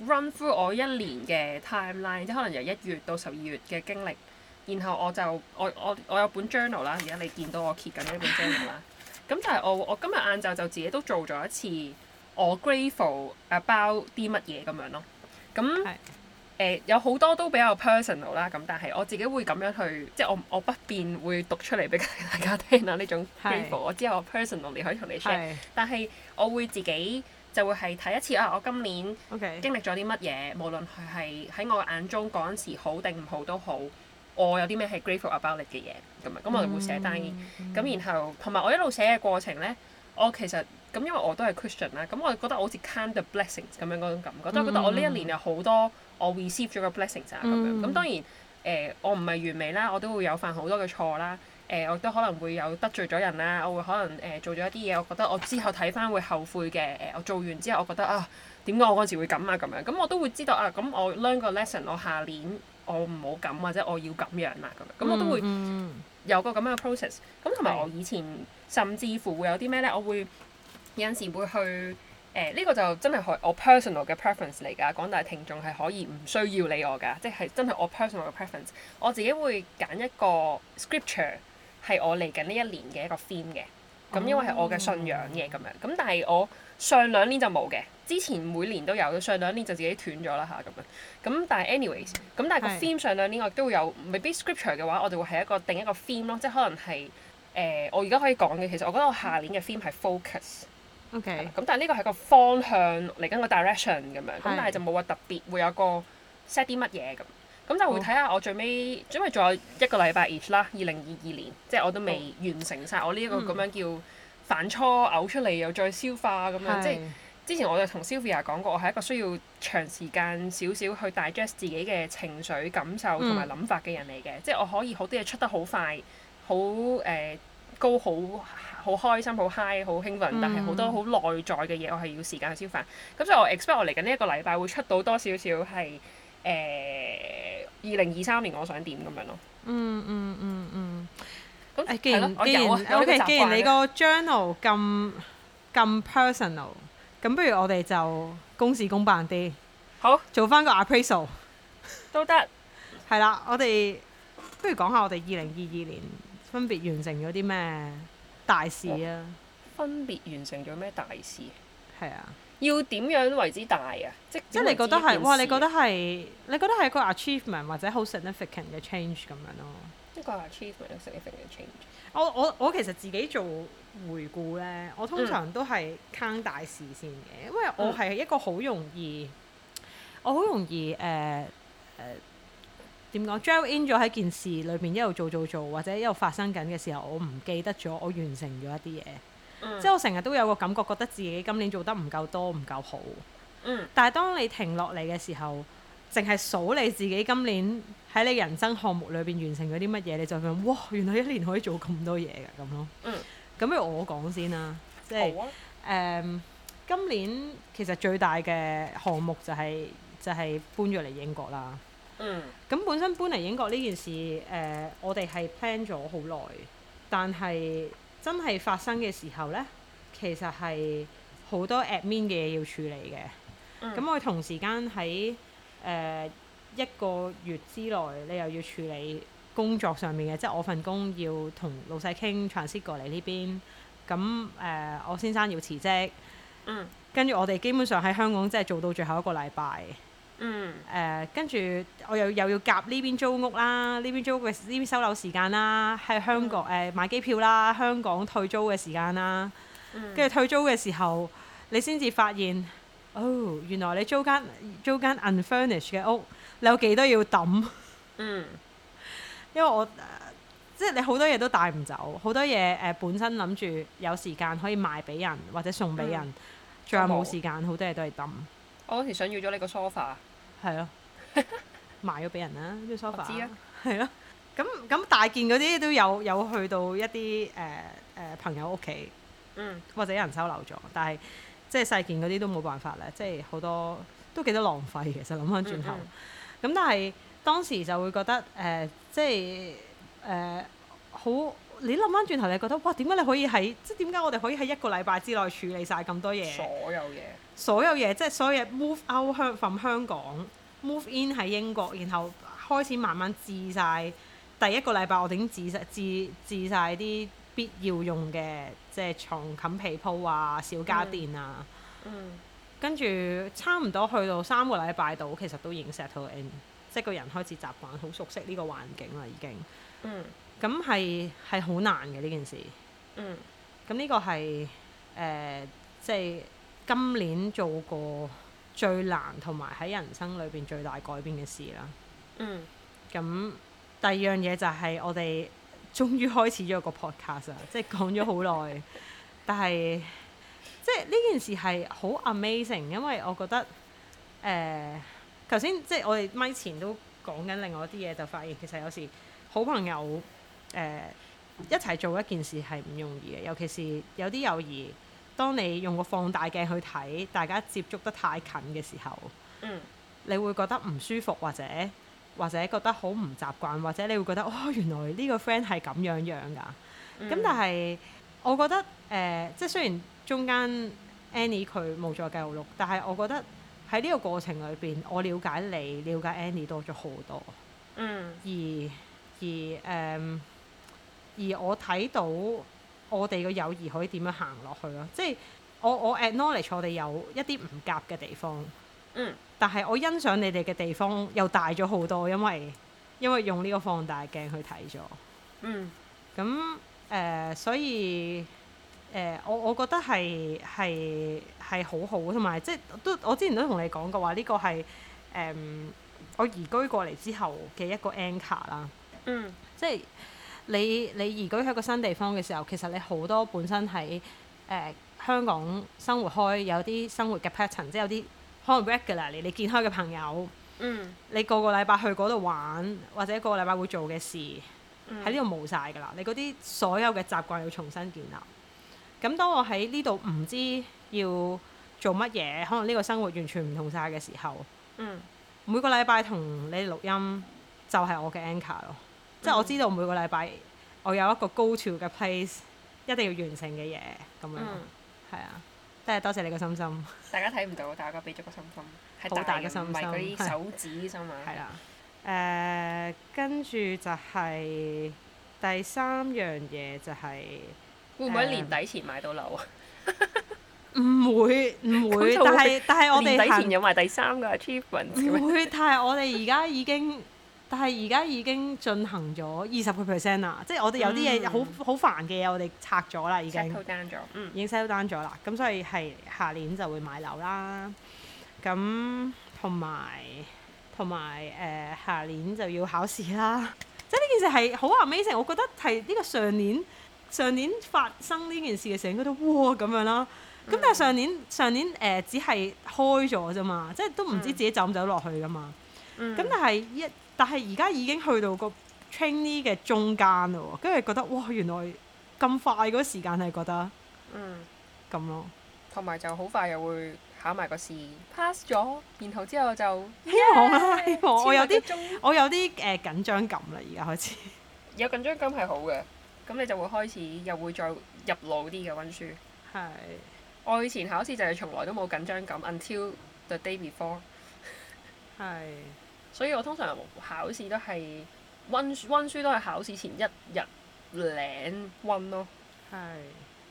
Run through 我一年嘅 timeline，即可能由一月到十二月嘅經歷，然後我就我我我有本 journal 啦，而家你見到我 keep 緊呢本 journal 啦。 咁就係我我今日晏晝就自己都做咗一次我 grateful about 啲乜嘢咁樣咯。咁、嗯、誒是、呃、有好多都比較 personal 啦，咁但係我自己會咁樣去，即係我我不便會讀出嚟俾大家聽啊呢種 grateful，是我知我 personally 可以同你 share，是但係我會自己。就會係睇一次啊，我今年經歷咗啲乜嘢，Okay. 無論係係喺我眼中嗰陣時好定唔好都好，我有啲咩係 grateful about 你嘅嘢咁啊，咁我就會寫單嘅。咁、mm hmm. 然後同埋我一路寫嘅過程咧，我其實咁因為我都係 Christian 啦，咁我覺得我好似 kind of blessings 咁樣嗰種感覺，都係、mm hmm. 覺得我呢一年有好多我 receive 咗個 blessings 啊咁樣。咁、mm hmm. 當然誒、呃，我唔係完美啦，我都會有犯好多嘅錯啦。誒、呃、我都可能會有得罪咗人啦，我會可能誒、呃、做咗一啲嘢，我覺得我之後睇翻會後悔嘅誒、呃，我做完之後我覺得啊，點解我嗰時會咁啊咁樣，咁我都會知道啊，咁我 learn 個 lesson，我下年我唔好咁或者我要咁樣啦、啊、咁樣，咁我都會有個咁樣嘅 process。咁同埋我以前甚至乎會有啲咩咧，我會有陣時會去誒呢、呃這個就真係我 personal 嘅 preference 嚟㗎，廣大聽眾係可以唔需要理我㗎，即、就、係、是、真係我 personal 嘅 preference。我自己會揀一個 scripture。係我嚟緊呢一年嘅一個 theme 嘅，咁因為係我嘅信仰嘅咁、oh. 樣，咁但係我上兩年就冇嘅，之前每年都有，上兩年就自己斷咗啦嚇咁樣。咁但係 anyways，咁但係個 theme 上兩年我都會有，maybe scripture 嘅話，我就會係一個定一個 theme 咯，即係可能係誒、呃、我而家可以講嘅，其實我覺得我下年嘅 theme 係 focus Okay.。OK，咁但係呢個係個方向嚟緊個 direction 咁樣，咁但係就冇話特別是會有個 set 啲乜嘢咁。咁、嗯、就會睇下我最尾，因為仲有一個禮拜 left 啦，二零二二年，即係我都未完成晒。我呢一個咁樣叫反初嘔、嗯、出嚟，又再消化咁樣。是即係之前我就同 Sylvia 講過，我係一個需要長時間少少去 digest 自己嘅情緒、感受同埋諗法嘅人嚟嘅。嗯、即係我可以好多嘢出得好快，好誒、呃、高，好好開心，好 high，好興奮，但係好多好內在嘅嘢，我係要時間去消化。咁、嗯、所以我 expect 我嚟緊呢一個禮拜會出到多少少係誒。呃二零二三年我想點咁樣咯、嗯。嗯嗯嗯嗯。咁、嗯、誒、啊，既然，OK，既然你 jour、啊、個 journal 咁咁 personal，咁不如我哋就公事公辦啲。好。做翻個 appraisal 都得。係啦達、 嗯，我哋不如講下我哋二零二二年分別完成咗啲咩大事啊、嗯？分別完成咗咩大事？係啊、嗯。嗯嗯要點樣為之大啊？即係你覺得係，哇、呃！你覺得係，你覺得係一個 achievement 或者好 significant 嘅 change 咁樣咯。一個 achievement，significant 嘅 change。我我我其實自己做回顧咧，我通常都係坑大事先嘅，嗯、因為我係一個好容易，我好容易誒誒、呃、點講、呃、drill in 咗喺件事裏邊一路做做做，或者一路發生緊嘅時候，我唔記得咗我完成咗一啲嘢。即係我成日都有個感覺，覺得自己今年做得唔夠多，唔夠好。嗯。但係當你停落嚟嘅時候，淨係數你自己今年喺你人生項目裏邊完成咗啲乜嘢，你就會哇，原來一年可以做咁多嘢嘅咁咯。咁樣，嗯。咁不如我講先啦，即係誒，今年其實最大嘅項目就係、是、就係、是、搬咗嚟英國啦。嗯。咁本身搬嚟英國呢件事，誒、呃，我哋係 plan 咗好耐，但係，真係發生嘅時候呢，其實係好多 admin 嘅嘢要處理嘅。咁、嗯嗯、我同時間喺誒、呃、一個月之內，你又要處理工作上面嘅，即係我份工要同老細傾，創思過嚟呢邊。咁、嗯、誒、呃，我先生要辭職。跟住、嗯、我哋基本上喺香港即係做到最後一個禮拜。嗯誒，跟住我又又要夾呢邊租屋啦，呢邊租呢邊收樓時間啦，喺香港誒買機票啦，香港退租嘅時間啦，跟住退租嘅時候，你先至發現哦，原來你租間租間 unfurnished 嘅屋，你有幾多要抌？嗯，因為我即係你好多嘢都帶唔走，好多嘢誒本身諗住有時間可以賣俾人或者送俾人，仲有冇時間好多嘢都係抌。我嗰時想要咗你個 sofa。on 係咯，賣咗俾人啦啲 sofa，係咯，咁咁 大件嗰啲都有有去到一啲誒誒朋友屋企，嗯，或者有人收留咗，但係即係細件嗰啲都冇辦法咧，即係好多都幾多浪費，其實就諗翻轉頭，咁、嗯嗯、但係當時就會覺得誒、呃，即係誒、呃、好，你諗翻轉頭，你覺得哇，點解你可以喺即係點解我哋可以喺一個禮拜之內處理晒咁多嘢？所有嘢。所有嘢即係所有嘢 move out 香 from 香港 move in 喺英國，然後開始慢慢置晒。第一個禮拜我哋已經置晒置置晒啲必要用嘅，即係床、冚被鋪啊、小家電啊。嗯。跟、嗯、住差唔多去到三個禮拜度，其實都已經 settle in，即係個人開始習慣、好熟悉呢個環境啦，已經。嗯。咁係係好難嘅呢件事。嗯。咁呢個係誒、呃、即係。今年做過最難同埋喺人生裏邊最大改變嘅事啦。嗯，咁第二樣嘢就係我哋終於開始咗個 podcast 啊，即係講咗好耐， 但係即係呢件事係好 amazing，因為我覺得誒頭先即係我哋咪前都講緊另外啲嘢，就發現其實有時好朋友誒、呃、一齊做一件事係唔容易嘅，尤其是有啲友誼。當你用個放大鏡去睇，大家接觸得太近嘅時候，嗯，你會覺得唔舒服，或者或者覺得好唔習慣，或者你會覺得哦，原來呢個 friend 係咁樣樣㗎。咁、嗯、但係我覺得誒，即、呃、係雖然中間 Annie 佢冇再繼續錄，但係我覺得喺呢個過程裏邊，我了解你、了解 Annie 多咗好多。嗯，而而誒、呃，而我睇到。我哋嘅友誼可以點樣行落去咯？即係我我 acknowledge 我哋有一啲唔夾嘅地方，嗯，但係我欣賞你哋嘅地方又大咗好多，因為因為用呢個放大鏡去睇咗，嗯，咁誒、呃，所以誒、呃，我我覺得係係係好好，同埋即係都我之前都同你講過話呢個係誒我移居過嚟之後嘅一個 anchor 啦，嗯，即係。你你移居喺個新地方嘅時候，其實你好多本身喺誒、呃、香港生活開有啲生活嘅 pattern，即係有啲可能 regular 你你見開嘅朋友，嗯，你個個禮拜去嗰度玩或者個個禮拜會做嘅事喺呢度冇晒㗎啦。你嗰啲所有嘅習慣要重新建立。咁當我喺呢度唔知要做乜嘢，可能呢個生活完全唔同晒嘅時候，嗯、每個禮拜同你錄音就係我嘅 anchor 咯。即係我知道每個禮拜我有一個高潮嘅 place，一定要完成嘅嘢咁樣，係啊、嗯，即係多謝你心心個心心。大家睇唔到，大家我俾咗個心心，好大嘅心心，唔係嗰啲手指心啊。係啦的。誒的，跟住、嗯、就係第三樣嘢就係、是、會唔會年底前買到樓啊？唔會唔會，但係但係我哋年底前有埋第三個 achievement。唔會， 但係我哋而家已經。但係而家已經進行咗二十個 percent 啦，即係我哋有啲嘢、mm. 好好煩嘅嘢，我哋拆咗啦，已經 sell down 咗， 已經 sell down 咗啦，咁、mm. 所以係下年就會買樓啦，咁同埋同埋誒下年就要考試啦， 即係呢件事係好 Amazing，我覺得係呢個上年上年發生呢件事嘅時候，我都哇咁樣啦，咁、mm. 但係上年上年誒、呃、只係開咗啫嘛，即係都唔知自己走唔走落去噶嘛，咁、mm. mm. 但係一。但係而家已經去到個 training 嘅中間啦，跟住覺得哇，原來咁快嗰時間係覺得嗯咁咯，同埋就好快又會考埋個試 pass 咗，然後之後就希望啦，希望我有啲我有啲誒、呃、緊張感啦，而家開始有緊張感係好嘅，咁你就會開始又會再入腦啲嘅温書。係，是我以前考試就係從來都冇緊張感，until the day before 係。 所以我通常考試都係溫書，溫書都係考試前一日兩溫咯。係。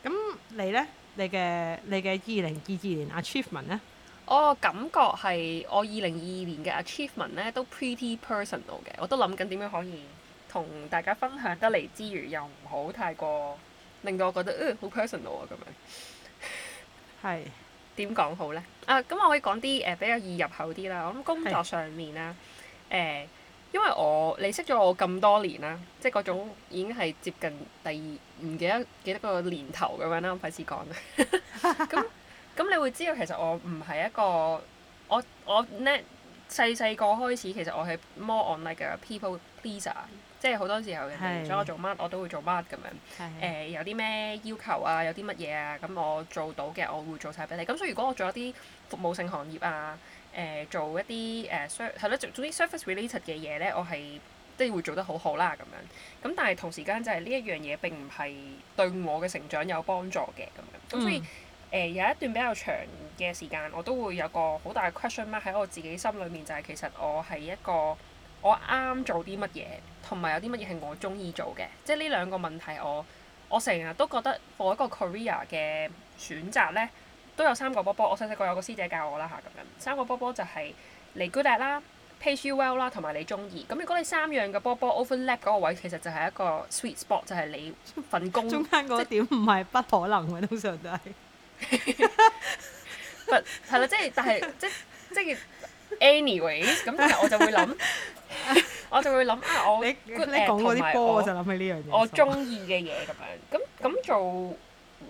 咁你咧？你嘅你嘅二零二二年 achievement 咧？我感覺係我二零二二年嘅 achievement 咧都 pretty personal 嘅，我都諗緊點樣可以同大家分享得嚟之餘，又唔好太過令到我覺得誒好、呃、personal 啊。咁 樣是。係。點講好咧？啊，咁我可以講啲誒比較易入口啲啦。我諗工作上面啦。誒，因為我你識咗我咁多年啦，即係嗰種已經係接近第二，唔記得記得個年頭咁樣啦，費事講啦。咁 咁 你會知道其實我唔係一個，我我咧細細個開始其實我係 more on like 嘅 people pleaser，即係好多時候人哋想我做乜我都會做乜咁樣。誒、呃、有啲咩要求啊，有啲乜嘢啊，咁我做到嘅我會做晒俾你。咁所以如果我做一啲服務性行業啊～誒做一啲誒係 e r 咯，總之 surface related 嘅嘢咧，我係都會做得好好啦咁樣。咁但係同時間就係、是、呢一樣嘢並唔係對我嘅成長有幫助嘅咁樣。咁所以誒、呃、有一段比較長嘅時間，我都會有個好大 question mark 喺我自己心裏面，就係、是、其實我係一個我啱做啲乜嘢，同埋有啲乜嘢係我中意做嘅，即係呢兩個問題我我成日都覺得 for 一個 career 嘅選擇咧。都有三個波波，我細細個有個師姐教我啦嚇，咁樣三個波波就係你 good at 啦，pay you well 啦，同埋你中意。咁如果你三樣嘅波波 overlap 嗰個位，其實就係一個 sweet spot，就係你份工中間嗰點。唔係不可能嘅，通常都係。不係啦，即係但係即即 anyways，咁但係我就會諗，我就會諗啊，我你 good at 同諗起呢樣嘢，我中意嘅嘢咁樣，咁咁做。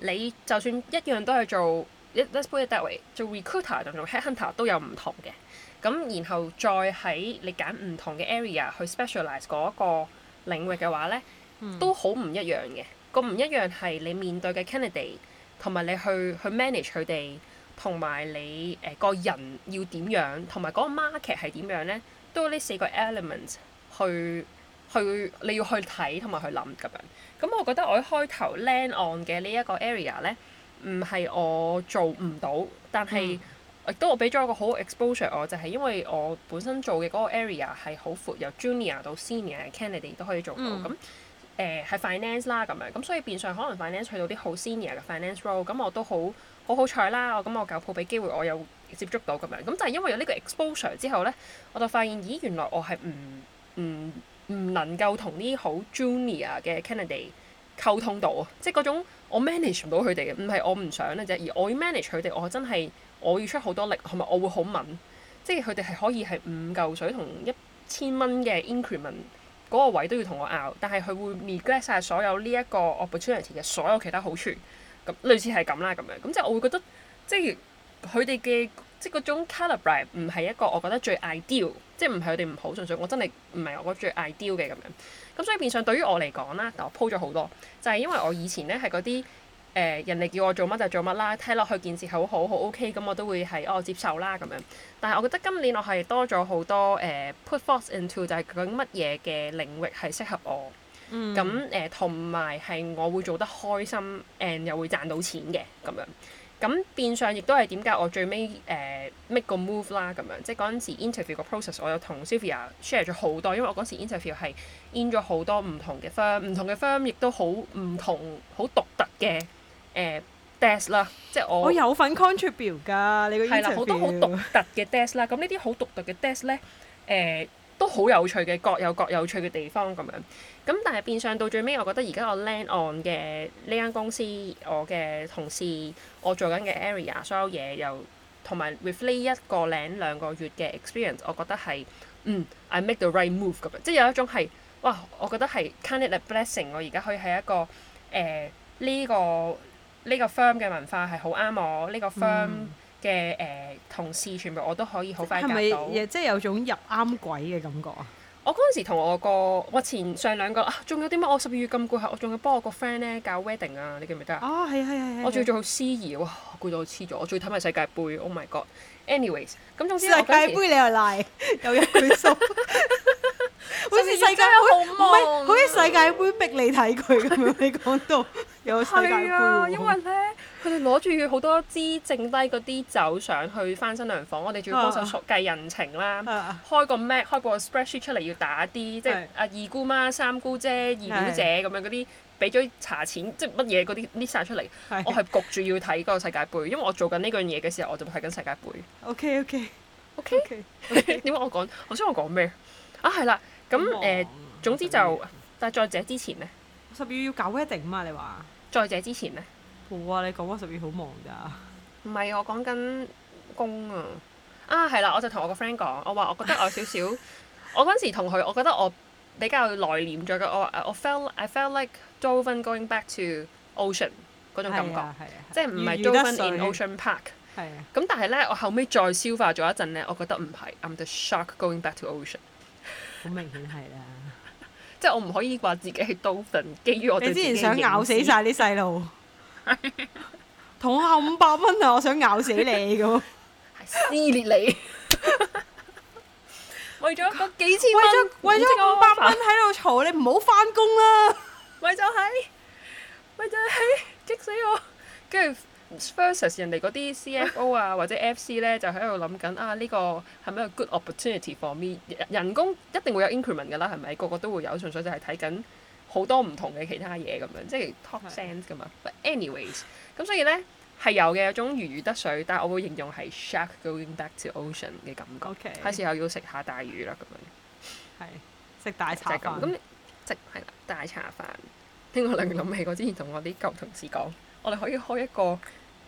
你就算一樣都係做，let's put it that way，做 recruiter 同做 headhunter 都有唔同嘅。咁然後再喺你揀唔同嘅 area 去 specialise 嗰一個領域嘅話咧，都好唔一樣嘅。個唔一樣係你面對嘅 candidate 同埋你去去 manage 佢哋，同埋你誒、呃、個人要點樣，同埋嗰個 market 係點樣咧，都呢四個 element 去去你要去睇同埋去諗咁樣。咁我覺得我一開頭 land on 嘅呢、嗯、一個 area 咧，唔係我做唔到，但係亦都我俾咗一個好 exposure，我就係因為我本身做嘅嗰個 area 係好闊，由 junior 到 senior，candidate 都可以做到。咁誒係、嗯呃、finance 啦，咁樣咁所以變相可能 finance 去到啲好 senior 嘅 finance role，咁我都好好好彩啦。我咁我舊鋪俾機會我有接觸到咁樣，咁就係因為有呢個 exposure 之後咧，我就發現，咦原來我係唔唔～唔能夠同啲好 junior 嘅 candidate 溝通到，即係嗰種我 manage 唔到佢哋嘅，唔係我唔想嘅啫，而我要 manage 佢哋，我真係我要出好多力，同埋我會好敏，即係佢哋係可以係五嚿水同一千蚊嘅 increment 嗰個位都要同我拗，但係佢會 regret 晒所有呢一個 opportunity 嘅所有其他好處，咁類似係咁啦，咁樣咁即係我會覺得即係佢哋嘅即係嗰種 calibre 唔係一個我覺得最 ideal。即係唔係佢哋唔好，純粹我真係唔係我覺得最 ideal 嘅咁樣。咁所以變相對於我嚟講啦，但我鋪咗好多，就係、是、因為我以前咧係嗰啲誒人哋叫我做乜就做乜啦，睇落去件事好好好 OK，咁我都會係哦接受啦咁樣。但係我覺得今年我係多咗好多誒、呃、put focus into，就係究竟乜嘢嘅領域係適合我？咁誒同埋係我會做得開心 and 又會賺到錢嘅咁樣。咁變相亦都係點解我最尾誒、呃、make 個 move 啦，咁樣即係嗰陣時 interview 個 process，我有同 Sylvia share 咗好多，因為我嗰陣時 interview 係 in 咗好多唔同嘅 firm，唔同嘅 firm 亦都好唔同，好獨特嘅誒 desk 啦，呃、 即係我我有份 contribute 噶，你個係啦，好、啊、多好獨特嘅 desk 啦，咁呢啲好獨特嘅 desk 咧誒。都好有趣嘅，各有各有趣嘅地方咁樣。咁但係變相到最尾，我覺得而家我 land on 嘅呢間公司，我嘅同事，我做緊嘅 area，所有嘢又同埋 with 呢一個領兩個月嘅 experience，我覺得係嗯，I make the right move 咁。即係有一種係哇，我覺得係 kind of a blessing，我而家可以喺一個誒呢、呃這個呢、這個 firm 嘅文化係好啱我呢、這個 firm、嗯。嘅誒、呃、同事全部我都可以好快搞到，係咪即係有種入啱鬼嘅感覺啊？ 我嗰陣時同我個我前上兩個啊，仲有啲乜？我十二月咁攰係，我仲要幫我個 friend 咧搞 wedding 啊！你記唔記得啊？哦，係係係，我仲要做好司儀，哇攰到黐咗！我仲要睇埋世界盃，Oh my God！Anyways，咁世界盃你又賴，又入佢縮，好 似 世界盃，唔係、啊、好似世界盃逼你睇佢，Oh my g 係啊，因為咧，佢哋攞住好多支剩低嗰啲酒上去翻新娘房，我哋仲要幫手計人情啦，開個 Mac，開個 spreadsheet 出嚟要打啲，即係阿二姑媽、三姑姐、二表姐咁樣嗰啲，俾咗茶錢，即係乜嘢嗰啲，list 曬出嚟。我係焗住要睇嗰個世界盃，因為我做緊呢樣嘢嘅時候，我就睇緊世界盃。OK，OK，OK，點解我講？我想我講咩啊？係啦，咁誒，總之就但係在這之前咧，十月要搞 wedding 嘛，你話？在這之前咧，冇啊！你講過十二好忙㗎。唔係我講緊工啊！啊係啦，我就同我個 friend 講，我話我覺得我有少少，我嗰陣時同佢，我覺得我比較內斂咗嘅。我我 feel I felt like dolphin going back to ocean 嗰種感覺，即係唔係 dolphin in Ocean Park。係啊。咁但係咧，我後尾再消化咗一陣咧，我覺得唔係。I'm the shark going back to ocean。好明顯係啦。即係我唔可以話自己係刀神，基於我哋之前嘅經驗。你之前想咬死晒啲細路，同我 下五百蚊啊！我想咬死你咁， 撕裂你。 為咗嗰幾千蚊，為咗為咗五百蚊喺度嘈， 你唔好翻工啦！咪 就係、是，咪就係，激死我！跟住。versus 人哋嗰啲 CFO 啊或者 FC 咧就喺度諗緊啊，呢個係咪一個 good opportunity for me 人工一定會有 increment 㗎啦，係咪個個都會有？純粹就係睇緊好多唔同嘅其他嘢咁樣，即係 top sense 㗎嘛的 but anyways 咁所以咧，係有嘅有種如魚得水，但係我會形容係 shark going back to ocean 嘅感覺，係 Okay. 時候要食下大魚啦咁樣。係食是大茶飯咁，即係啦大茶飯。聽我突然諗起我之前同我啲舊同事講，我哋可以開一個。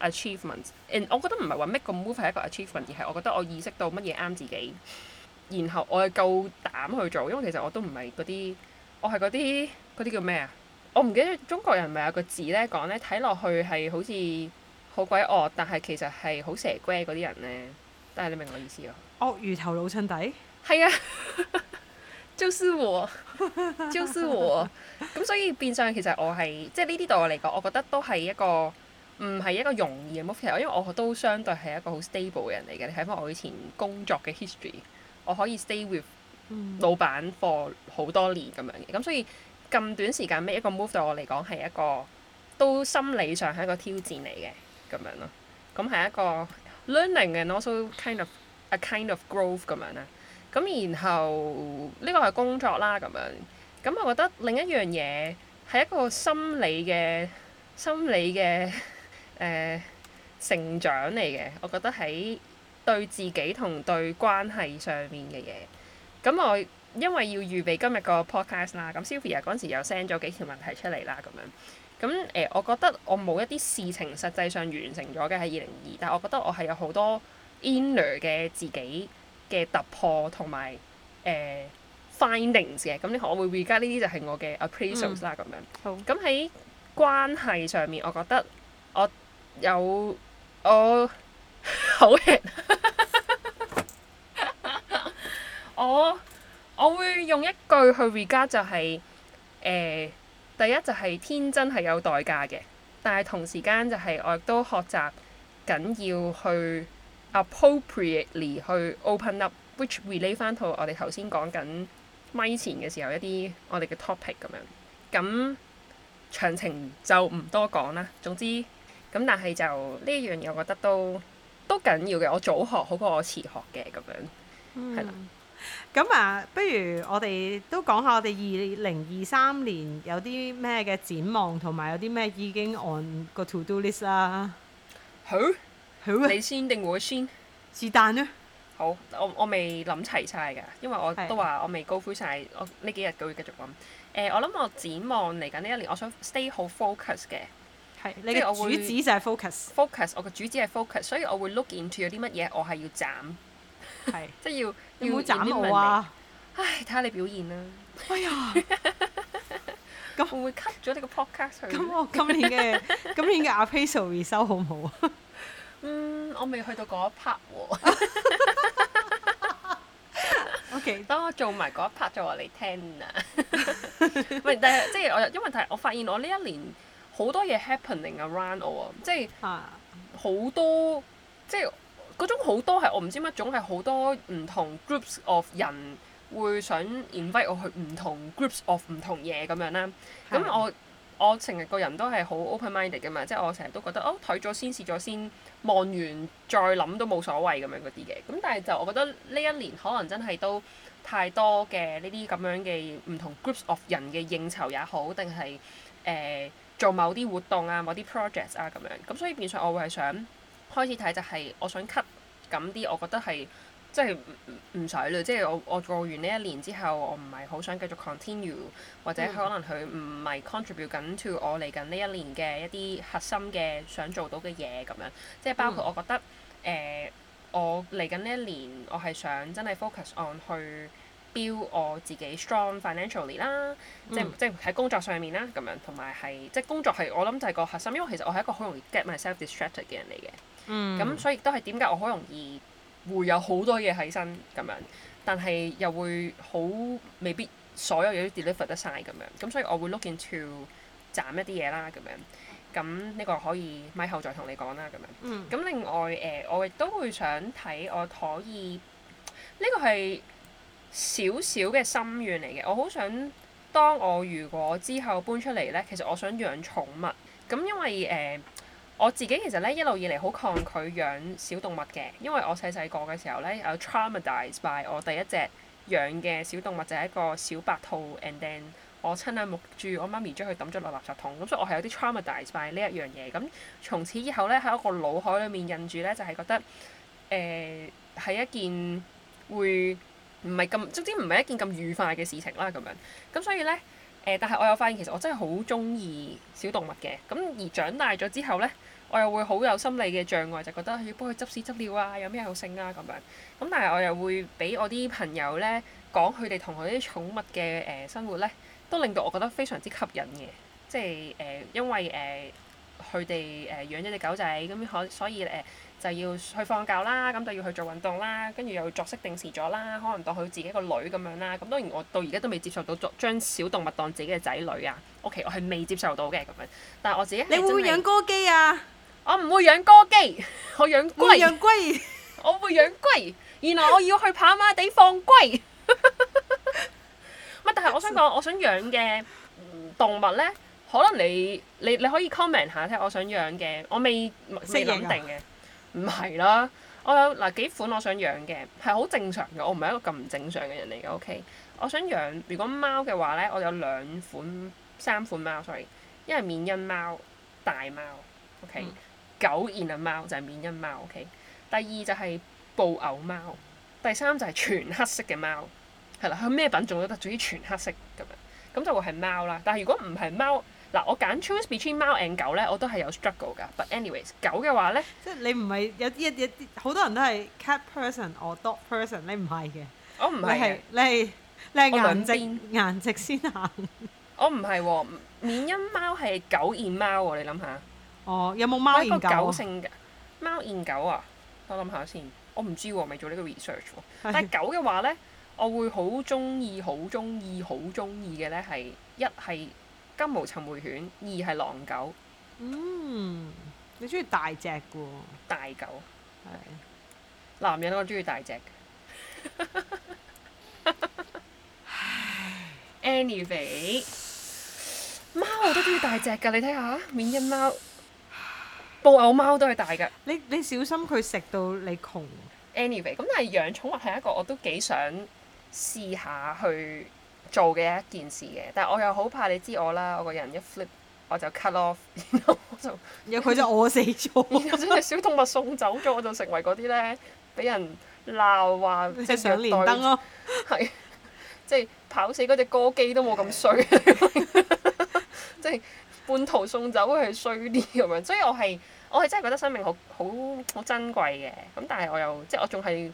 achievement，誒我覺得唔係話 make 個 move 係一個 achievement，而係我覺得我意識到乜嘢啱自己，然後我係夠膽去做，因為其實我都唔係嗰啲，我係嗰啲嗰啲叫咩啊？我唔記得中國人咪有個字咧講咧，睇落去係好似好鬼惡，但係其實係好蛇龜嗰啲人咧。但係你明我意思咯？鱷魚頭老襯底。係是啊。招思和，招思和。咁所以變相其實我係即係呢啲對我嚟講，我覺得都係一個。唔係一個容易嘅 move，其實因為我都相對係一個好 stable 嘅人嚟嘅。你睇翻我以前工作嘅 history，我可以 stay with、嗯、老闆 for 好多年咁樣嘅，咁所以咁短時間 make 一個 move 對我嚟講係一個都心理上係一個挑戰嚟嘅咁樣咯。咁係一個 learning and also kind of a kind of growth 咁樣啦。咁然後呢個係工作啦咁樣。咁我覺得另一樣嘢係一個心理嘅心理嘅。誒、呃、成長嚟嘅，我覺得喺對自己同對關係上面嘅嘢。咁我因為要預備今日個 podcast 啦，咁 Sylvia 嗰陣時又 send 咗幾條問題出嚟啦，咁樣。咁、嗯、誒、呃，我覺得我冇一啲事情實際上完成咗嘅喺二零二二，但係我覺得我係有好多 inner 嘅自己嘅突破同埋誒 findings 嘅。咁你我會 recall 呢啲就係我嘅 appraisals 啦，咁、嗯、樣。好。咁喺關係上面，我覺得。有我好型，我 我，我會用一句去 regard 就係、是、誒、呃、第一就係天真係有代價嘅，但係同時間就係我亦都學習緊要去 appropriately 去 open up，which relate 翻套我哋頭先講緊咪前嘅時候一啲我哋嘅 topic 咁樣，咁詳情就唔多講啦，總之。咁但係就呢一樣嘢，我覺得都都緊要嘅。我早學好過我遲學嘅咁樣，係啦、嗯。咁的、嗯、啊，不如我哋都講下我哋二零二三年有啲咩嘅展望，同埋有啲咩已經 on the to do list 啦。嗯、好，好啊。你先定我先？是但啦。好，我我未諗齊晒㗎，因為我都話我未 go through 晒。我呢幾日都會繼續諗。誒，我諗我展望嚟緊呢一年，我想 stay 好 focus 嘅。係，即係我會 focus，focus，我嘅主旨係 focus，所以我會 look into 有啲乜嘢我係要斬，係是， 即係要斬要斬我啊。唉，睇下你表現啦。哎呀，會唔會 cut 咗你個 podcast 去？咁我今年嘅， 今年嘅 appraisal result 好唔好啊？ 嗯，我未去到嗰一 part 喎、啊。 OK，等我做埋嗰一 part 就話你聽啊。唔 係，但係即係我因為提，我發現我呢一年。好多嘢 happening around 我啊，即係好多即係嗰種好多係我唔知乜種係好多唔同 groups of 人會想 invite 我去唔同 groups of 唔同嘢咁樣啦。咁、啊、我我成日個人都係好 open-minded 嘅嘛，即係我成日都覺得哦，睇咗先，試咗先，望完再諗，都冇所謂咁樣嗰啲嘅。咁但係就我覺得呢一年可能真係都太多嘅呢啲咁樣嘅唔同 groups of 人嘅應酬也好，定係誒。呃做某啲活動啊，某啲 project 啊，咁樣，咁所以變相我會係想開始睇就係我想 cut 咁啲，我覺得係即係唔唔唔使嘞，即係我我過完呢一年之後，我唔係好想繼續 continue，或者可能佢唔係 contribute 緊 to 我嚟緊呢一年嘅一啲核心嘅想做到嘅嘢咁樣，即係包括我覺得誒、嗯呃、我嚟緊呢一年，我係想真係 focus on 去。標我自己 strong financially 啦、嗯，即即喺工作上面啦，咁樣同埋係即工作係我諗就係個核心，因為其實我係一個好容易 get myself distracted 嘅人嚟嘅，咁、嗯、所以都係點解我好容易會有好多嘢喺身咁樣，但係又會好未必所有嘢都 deliver 得晒。咁樣，咁所以我會 look into 斬一啲嘢啦，咁樣咁呢個可以咪後再同你講啦，咁樣咁、嗯、另外誒、呃，我亦都會想睇我可以呢、呢個係。少少嘅心願嚟嘅，我好想當我如果之後搬出嚟咧，其實我想養寵物咁，因為誒、呃、我自己其實咧一路以嚟好抗拒養小動物嘅，因為我細細個嘅時候咧有 traumatized by 我第一隻養嘅小動物就係、是、一個小白兔，and then 我親眼目住我媽咪將佢抌咗落垃圾桶，咁所以我係有啲 traumatized by 呢一樣嘢。咁從此以後咧喺我個腦海裡面印住咧就係、是、覺得誒係、呃、一件會。唔係咁，總之唔係一件咁愉快嘅事情啦。咁樣，咁所以咧，誒、呃，但係我又發現其實我真係好中意小動物嘅。咁而長大咗之後咧，我又會好有心理嘅障礙，就覺得要幫佢執屎執尿啊，有咩好性啊咁樣。咁但係我又會俾我啲朋友咧講佢哋同佢啲寵物嘅誒、呃、生活咧，都令到我覺得非常之吸引嘅。即係誒，因為誒佢哋誒養咗隻狗仔，咁可所以誒。呃就要去放假啦，咁就要去做運動啦，跟住又作息定時咗啦，可能當佢自己個女咁樣啦。咁當然我到而家都未接受到做將小動物當自己嘅仔女啊。OK，我係未接受到嘅咁樣。但係我自己，你會養哥基啊？我唔會養哥基。我養龜。養龜，我會養龜。原來 我要去跑馬地放龜。乜？ 但係我想講，我想養嘅動物咧，可能你你你，你可以 comment 下睇，我想養嘅，我未未諗定嘅。唔係啦，我有嗱幾款我想養嘅，係好正常嘅，我唔係一個咁唔正常嘅人嚟嘅，O K。OK? 我想養，如果貓嘅話咧，我有兩款、三款貓，sorry，一係緬因貓、大貓，O K。OK? 嗯、狗印嘅貓就係、是、緬因貓，O K。OK? 第二就係布偶貓，第三就係全黑色嘅貓，係啦，佢咩品種都得，總之全黑色咁樣，咁就會係貓啦。但係如果唔係貓。嗱，我揀 choose between 貓 and 狗咧，我都係有 struggle 噶。But anyways，狗嘅話咧，即係你唔係有啲一啲好多人都係 cat person，dog or dog person，你唔係嘅，我唔係，你係你係顏值顏值先行。我唔係喎，緬因貓係狗變貓喎，你諗下？哦，有冇貓變狗性？性嘅貓變狗啊！我諗下先，我唔知喎、啊，未做呢個 research、啊、但係狗嘅話咧，我會好中意、好中意、好中意嘅咧，係一係。金毛尋回犬，二係狼狗。嗯，你中意大隻噶？大狗係。的男人我中意大隻。唉，anyway，貓我都中意大隻噶，你睇下緬因貓、布偶貓都係大噶。你你小心佢食到你窮。anyway，咁但係養寵物係一個我都幾想試下去做嘅一件事嘅，但係我又好怕你知我啦。我個人一 flip 我就 cut off，然後我就， 然後佢就餓死咗，然後隻小動物送走咗， 我就成為嗰啲咧俾人鬧話 即係想連登咯，係即係跑死嗰隻歌姬都冇咁衰，即係半途送走佢係衰啲咁樣。所以我係我係真係覺得生命好好好珍貴嘅咁，但係我又即係我仲係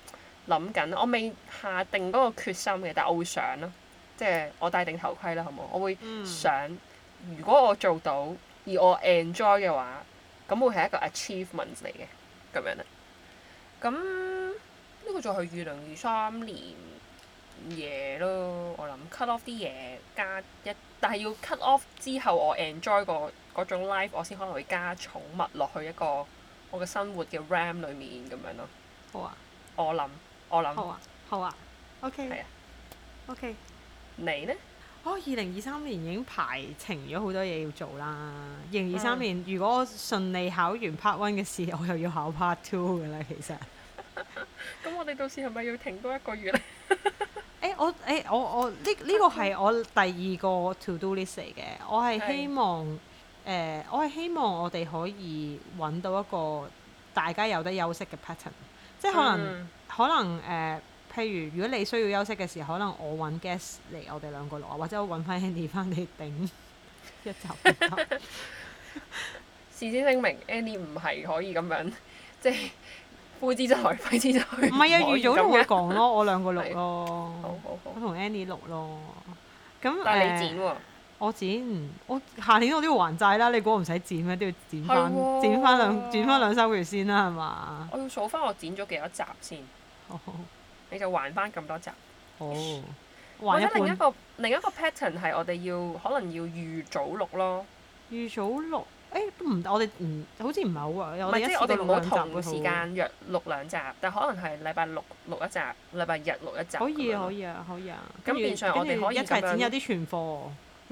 諗緊，我未下定嗰個決心嘅，但係我會想咯。即係我戴定頭盔啦，好冇？我會想，嗯、如果我做到而我 enjoy 嘅話，咁會係一個 achievements 嚟嘅咁樣咧。咁呢個就係2023年嘢咯。我諗 cut off 啲嘢加一，但係要 cut off 之後，我 enjoy、嗰個嗰種 life，我先可能會加寵物落去一個我嘅生活嘅 ram 裏面咁樣咯。好啊。我諗，我諗、啊。好啊！好啊！O K。係、okay. 啊。O K。你呢？哦，二零二三年已經排程咗好多嘢要做啦。二零二三年、mm. 如果我順利考完 part one 嘅試，我又要考 part two 㗎喇。其實，咁 我哋到時係咪要停多一個月呢？誒 、欸、我誒、欸、我我呢呢 個係我第二個 to do list 嘅。我係希望誒、mm. 呃，我係希望我哋可以揾到一個大家有得休息嘅 pattern，即係可能、mm. 可能誒。呃譬如如果你需要休息嘅時候，可能我揾 guest 嚟，我哋兩個錄啊，或者我揾翻 Andy 翻嚟頂一集，啊 事聲。事先聲明，Andy 唔係可以咁樣，即係呼之就去，揮之就去。唔係啊，預早都會講咯，我兩個錄咯， 好好好，我同 Andy 錄咯。咁、嗯、你剪喎、呃，我剪。我下年我都要還債啦，你估我唔使剪咩？都要剪翻，哦、剪翻兩，剪翻兩,兩三個月先啦，係嘛？我要數翻我剪咗幾多集先。 好，好。你就還翻咁多集，或者另一個另一個 pattern 係我哋要可能要預早錄咯。預早錄，誒都唔，我哋唔好似唔係喎。唔係即係我哋冇同嘅時間，約錄兩集，但可能係禮拜六錄一集，禮拜日錄一集。可以啊，可以啊，可以啊。咁變相我哋可以一集片有啲存貨。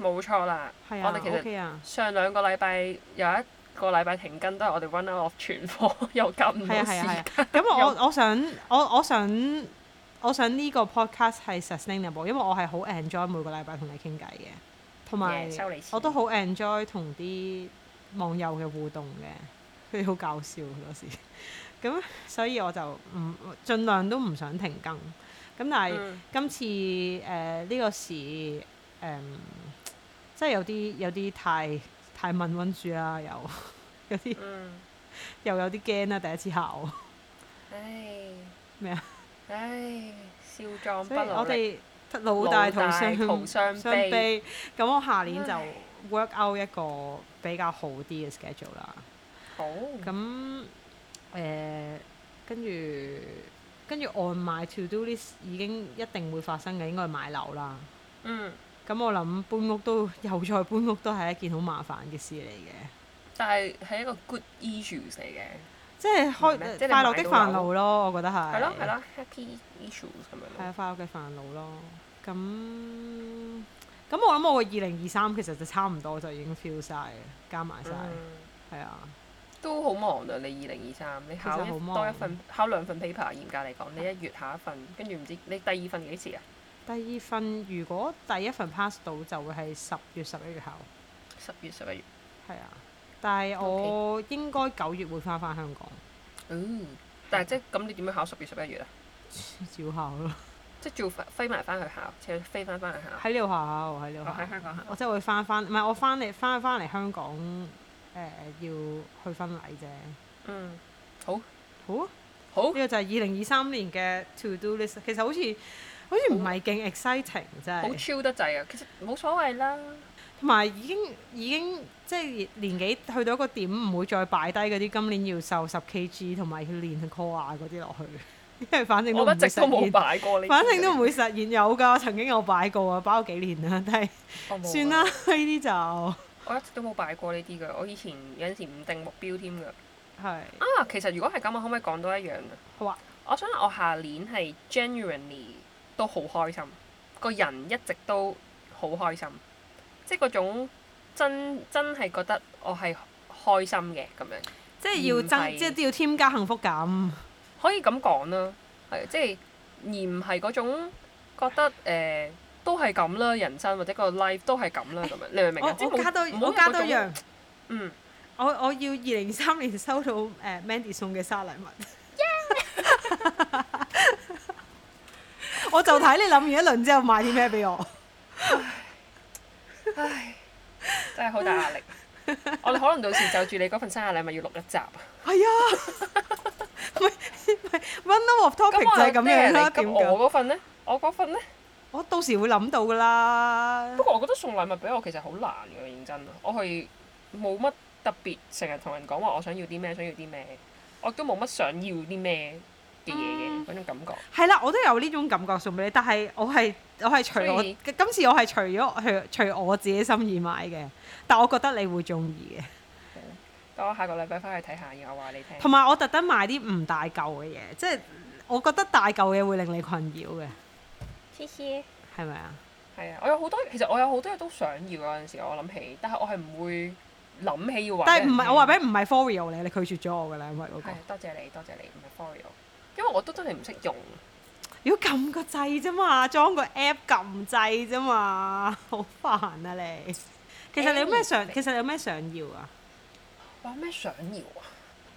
冇錯啦。係啊。我哋其實，上兩個禮拜有一個禮拜停更，都係我哋 run out of 存貨，又夾唔到時間。咁我我想我我想。我想呢個 podcast 係 sustainable，因為我係好 enjoy 每個禮拜同你傾偈嘅，同埋我都好 enjoy 同啲網友嘅互動嘅，佢哋好搞笑嗰時，咁所以我就唔盡量都唔想停更，咁但係今次誒呢、嗯呃呢個事誒，即、呃、係有啲有啲太太問温書啦，又有啲、嗯、又有啲驚啦，第一次考咩啊？哎唉，少壯不努力，我哋老大同傷悲。咁悲我下年就 work out 一個比較好啲嘅 schedule 啦。好、嗯。咁誒、呃，跟住跟住 on my to do list 已經一定會發生嘅，應該係買樓啦。嗯。咁我諗搬屋都又再搬屋都係一件好麻煩嘅事嚟嘅。但係係一個 good issues 嚟嘅。即係開即係快樂的煩惱咯，我覺得係。係咯係咯，happy issues 咁樣。係啊，快樂嘅煩惱咯。咁咁我諗我二零二三其實就差唔多就已經 feel 晒，加埋晒。係啊、嗯。了都好忙啊！你二零二三你考一多一份，考兩份 paper，嚴格嚟講，你一月考一份，跟住唔知你第二份幾時啊？第二份如果第一份 pass 到，就會係十月十一月考。十月十一月係啊。但係我應該九月會翻翻香港。嗯，但係即係咁，你點樣考十月十一月啊？照考咯。即係照飛埋翻去考，仲要飛翻翻去考。喺呢度考喺呢度考。喺、哦、香港考。我即係會翻翻，唔係我翻嚟翻翻嚟香港誒、呃，要去婚禮啫。嗯，好，好啊，的好。呢個就係二零二三年嘅 To Do List，其實好似好似唔係勁 exciting，真係。好 chill 得滯啊！其實冇所謂啦。同埋已經已經即係年紀去到一個點，唔會再擺低嗰啲今年要瘦十 kg 同埋要練 core 啊嗰啲落去，因為反正我一直都冇擺過呢。反正都唔會實現有㗎，曾經有擺過啊，擺過幾年啦，都係算啦。呢啲就我一直都冇擺過呢啲嘅。我以前有陣時唔定目標添㗎，係是啊，其實如果係咁，我可唔可以講多一樣啊？好啊，我想我下年係 genuinely 都好開心，個人一直都好開心。即係嗰種真真係覺得我係開心嘅咁樣，即係要增，即係都要添加幸福感，可以咁講啦。係即係而唔係嗰種覺得誒，都係咁啦，人生或者個 life 都係咁啦咁樣，你明唔明啊？即係加多，唔好加多樣。嗯，我我要二零二三年收到誒 Mandy 送嘅沙禮物。我就睇你諗完一輪之後買啲咩俾我。唉，真係好大壓力。 我哋可能到時就住你嗰份生日禮物要錄一集。係啊，唔係，One of topics 就係咁樣啦，點我嗰份咧，我嗰份咧，我到時會諗到噶啦。不過我覺得送禮物俾我其實好難嘅，認真。我係冇乜特別，成日同人講話我想要啲咩，想要啲咩，我都冇乜想要啲咩。嘅嘢嘅嗰種感覺，係啦，我都有呢種感覺送俾你，但係我係我係除我以今次我係除咗去除，除我自己心意買嘅，但我覺得你會中意嘅。等、嗯、我下個禮拜翻去睇下，然後話你聽。同埋我特登買啲唔大舊嘅嘢，即、就、係、是、我覺得大舊嘢會令你困擾嘅。黐線謝。係咪啊？係啊，我有好多其實我有好多嘢都想要有，有陣時我諗起，但係我係唔會諗起要買。但係唔係我話俾你唔係 Forio 嚟嘅，io, 你拒絕咗我㗎啦，因為嗰個。多謝，謝你，多謝，謝你，唔係 Forio。因為我都真係唔識用，如果撳個掣啫嘛，裝個 app 撳掣啫嘛，好煩啊你。其實你有咩想？其實你有咩想要啊？話咩、嗯、想要啊？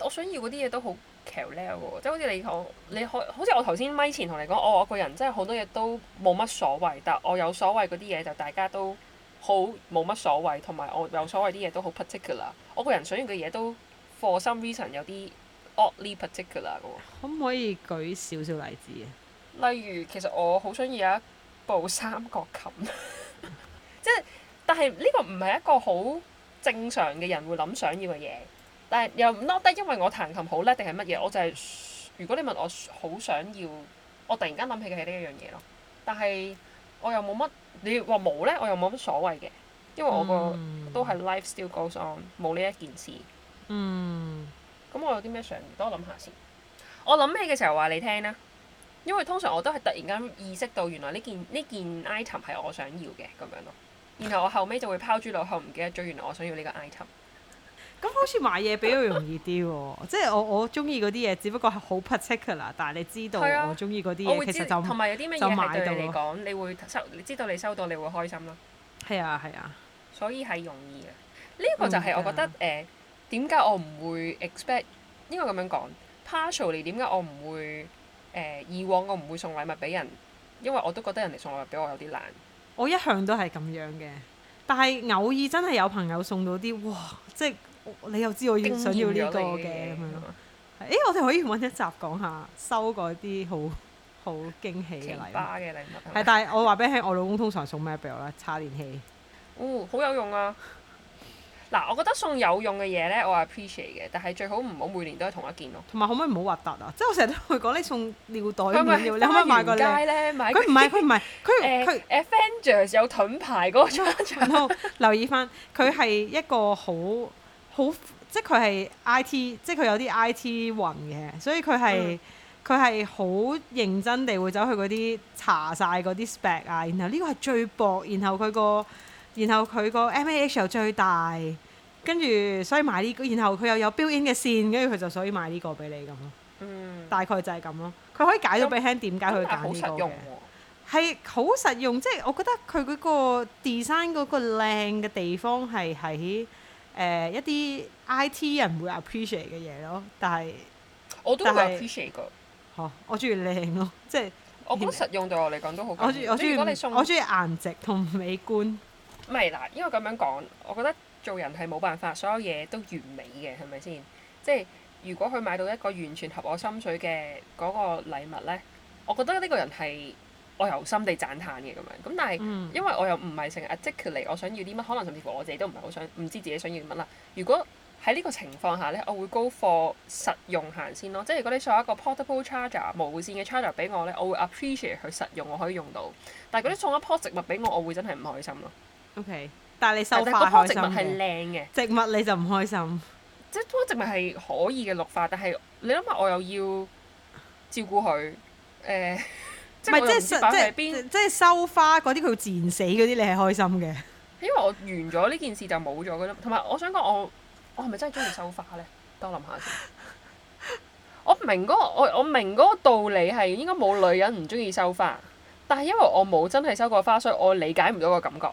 我想要嗰啲嘢都、嗯、好 challenging 即係好似你講，你可好似我頭先咪前同你講，我我個人真係好多嘢都冇乜所謂，但我有所謂嗰啲嘢就大家都好冇乜所謂，同埋我有所謂啲嘢都好 particular。我個人想要嘅嘢都 for some reason 有啲。oddly particular 嘅喎，可唔可以舉少少例子啊？例如，其實我好想要一部三角琴，即 係，但係呢個唔係一個好正常嘅人會諗想要嘅嘢。但係又唔覺得因為我彈琴好叻定係乜嘢，我就係、是、如果你問我好想要，我突然間諗起嘅係呢一樣嘢咯。但係我又冇乜，你話冇呢？我又冇乜所謂嘅，因為我個都係 life still goes on，冇呢一件事。嗯。嗯。咁我有啲咩想，多我諗下先。我諗起嘅時候話你聽啦，因為通常我都係突然間意識到，原來呢件呢件 item 係我想要嘅咁樣咯。然後我後尾就會拋諸腦後，唔記得咗原來我想要呢個 item。咁 好似買嘢比較容易啲喎。哦， 即係我我中意嗰啲嘢，只不過係好 particular，但係你知道 我中意嗰啲嘢，其實同埋有啲咩嘢對你嚟講，你會收，知道你收到你會開心咯。係啊係啊，啊啊所以係容易啊。呢、這個就係我覺得誒。嗯嗯點解我唔會 expect 應該咁樣講 partially 點解我唔會誒、呃、以往我唔會送禮物俾人，因為我都覺得人哋送禮物俾我有啲難。我一向都係咁樣嘅，但係偶爾真係有朋友送到啲哇，即係你又知我已經想要呢個嘅咁樣咯。誒，我哋可以揾一集講下收嗰啲好好驚喜嘅禮。奇葩嘅禮物。係，但係我話俾你聽，我老公通常送咩俾我咧？叉電器。哦，好有用啊！嗱，我覺得送有用嘅嘢咧，我係 appreciate 嘅，但係最好唔好每年都係同一件咯。同埋可唔可以唔好核突啊？即係我成日都會講你送尿袋唔要，是是你可唔可以買個街咧？佢唔係佢唔係佢佢 Avengers 有盾牌嗰個窗、嗯、 留意翻，佢係一個好好即係佢係 IT，即係佢有啲 IT 魂嘅，所以佢係佢係好認真地會走去嗰啲查晒嗰啲 spec 啊。然後呢個係最薄，然後佢個。然後佢個 MAH 又最大，跟住所以買呢個。然後佢又有 build-in 嘅線，跟住佢就所以買呢個俾你咁咯。嗯，大概就係咁咯。佢可以解到俾你聽點解佢揀呢個嘅，係好、啊、實用。啊、即係我覺得佢嗰個 design 嗰個靚嘅地方係喺誒一啲 IT 人會 appreciate 嘅嘢咯。但係我都係 appreciate 㗎。嚇、啊，我中意靚咯，即係我好實用對我嚟講都好。我我中意顏值同美觀。唔係嗱，因為咁樣講，我覺得做人係冇辦法，所有嘢都完美嘅，係咪先？即係如果佢買到一個完全合我心水嘅嗰個禮物咧，我覺得呢個人係我由心地讚歎嘅咁樣。咁但係因為我又唔係成日 articulate 嚟，我想要啲乜，可能甚至乎我自己都唔係好想，唔知自己想要乜啦。如果喺呢個情況下咧，我會 go for 實用行先咯。即係如果你送一個 portable charger 無線嘅 charger 俾我咧，我會 appreciate 佢實用，我可以用到。但係嗰啲送一樖植物俾我，我會真係唔開心咯。O.K. 但係你收花，棵植物係靚嘅植物，你就唔開心。即係棵植物係可以嘅綠化，但係你諗下，我又要照顧佢誒？唔、呃、係是即係是即係邊即係收花嗰啲，佢要自然死嗰啲，你係開心嘅。因為我完咗呢件事就冇咗嗰種。同埋我想講，我我係咪真係中意收花咧？多諗下先、 那個。我明嗰個，我我明嗰個道理係應該冇女人唔中意收花，但係因為我冇真係收過花，所以我理解唔到個感覺。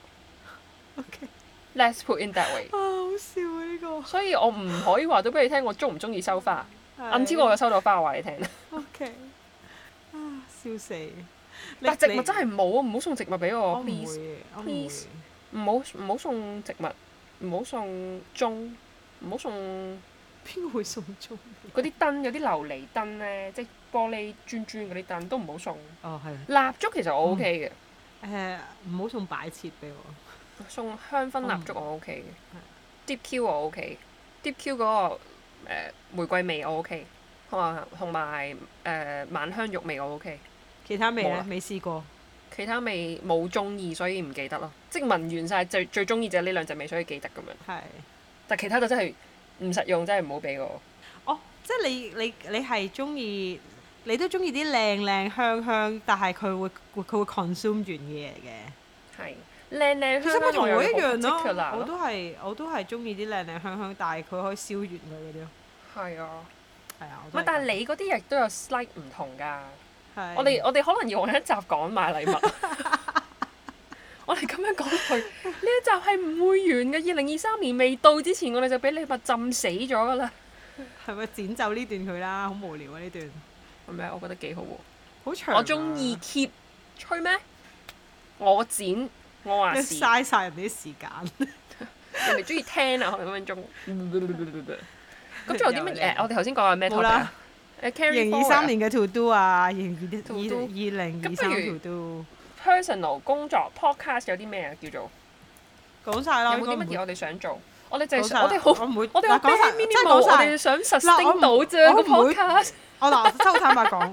o k let's put in that way. 啊，好笑啊！呢個。所以我唔可以話到俾你聽，我中唔中意收花。暗 n 我有收到花，話你聽。o k 啊，笑死！但植物真係冇啊！唔好送植物俾我。唔好唔好送植物，唔好送鐘，唔好送。邊個會送鐘？嗰啲燈有啲琉璃燈咧，即係玻璃磚磚嗰啲燈都唔好送。哦，係。蠟燭其實我 OK 嘅，誒唔好送擺設俾我。送香薰、蠟燭我 OK 嘅，Deep Q 我 OK，Deep Q 嗰個，呃，玫瑰味我 OK，同埋同埋誒晚香玉味我 OK，其他味咧未試過，其他味冇中意，所以唔記得咯。即聞完晒，最最中意就係呢兩隻味，所以記得咁樣。係。但其他就真係唔實用，真係唔好俾我。哦，即係你你你係中意，你都中意啲靚靚香香，但係佢會佢會 consume 完嘢嘅。係。靚靚香香，啊，其實同我一樣咯，啊，我都係我都係中意啲靚靚香香，但係佢可以燒完佢嗰啲咯。係啊，係啊。唔係，但係你嗰啲亦都有 slight 唔同噶。係。我哋我哋可能要用一集講埋禮物。 我哋咁樣講佢。呢一集係唔會完嘅。二零二三年未到之前，我哋就俾禮物浸死咗噶啦。係咪剪走呢段佢啦？好無聊啊呢段。係咩？我覺得幾好喎，啊。好長，啊。我中意 keep 吹咩？我剪。我話是嘥晒人哋啲時間，人哋中意聽啊，我五分鐘。咁仲有啲乜嘢？我哋頭先講下咩 topic？二三年嘅 To Do 啊，二二二零二三 To Do。Personal 工作 Podcast 有啲咩啊？叫做講晒啦。有冇啲乜嘢我哋想做？我哋就係想我哋好，我唔會。我哋講晒即係我哋想實踐到啫。我唔會。我哋都坦白講，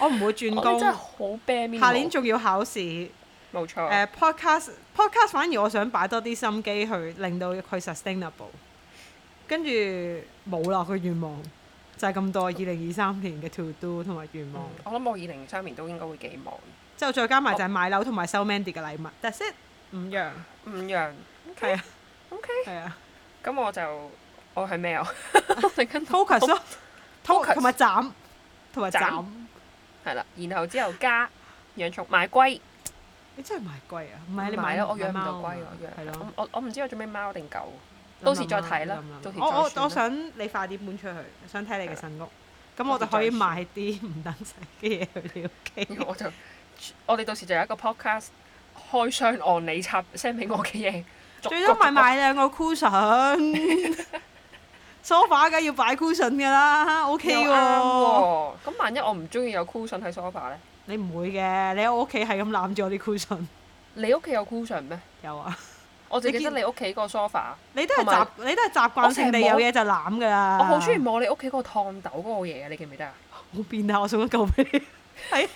我唔會轉工。真係好 bad。明年仲要考試。冇錯。誒 podcast，podcast 反而我想擺多啲心機去令到佢 sustainable。跟住冇啦，個願望就係咁多。二零二三年嘅 to do 同埋願望，我諗我二零二三年都應該會幾忙。之後再加埋就係買樓同埋收 Mandy 嘅禮物，但得先五樣，五樣。OK，OK，係啊。咁我就我係咩啊？凈係 talkers 咯，talk 同埋斬，同埋斬。係啦，然後之後加養寵買龜。你、欸、真係買貴啊！唔係你買咯，我養唔到龜，我養咯。我我唔知我做咩貓定狗，到時再睇啦。我我我想你快啲搬出去，想睇你嘅新屋，咁對我就可以買啲唔等使嘅嘢去你屋企。我就我哋到時就有一個 podcast 開箱，按你插 send 俾我嘅嘢，最多咪買兩個 cushion。 sofa 梗要擺 cushion 噶啦 ，ok 咁、哦嗯嗯、萬一我唔中意有 cushion 喺 sofa 咧？你唔會嘅，你喺我屋企係咁攬住我啲 cushion。你屋企有 cushion 咩？有啊。我凈係記得你屋企個 sofa。你都係習，你都係習慣性地有嘢就攬噶啦。我好中意摸你屋企嗰個燙斗嗰個嘢啊！你記唔記得啊？好平啊！我送咗嚿俾你。係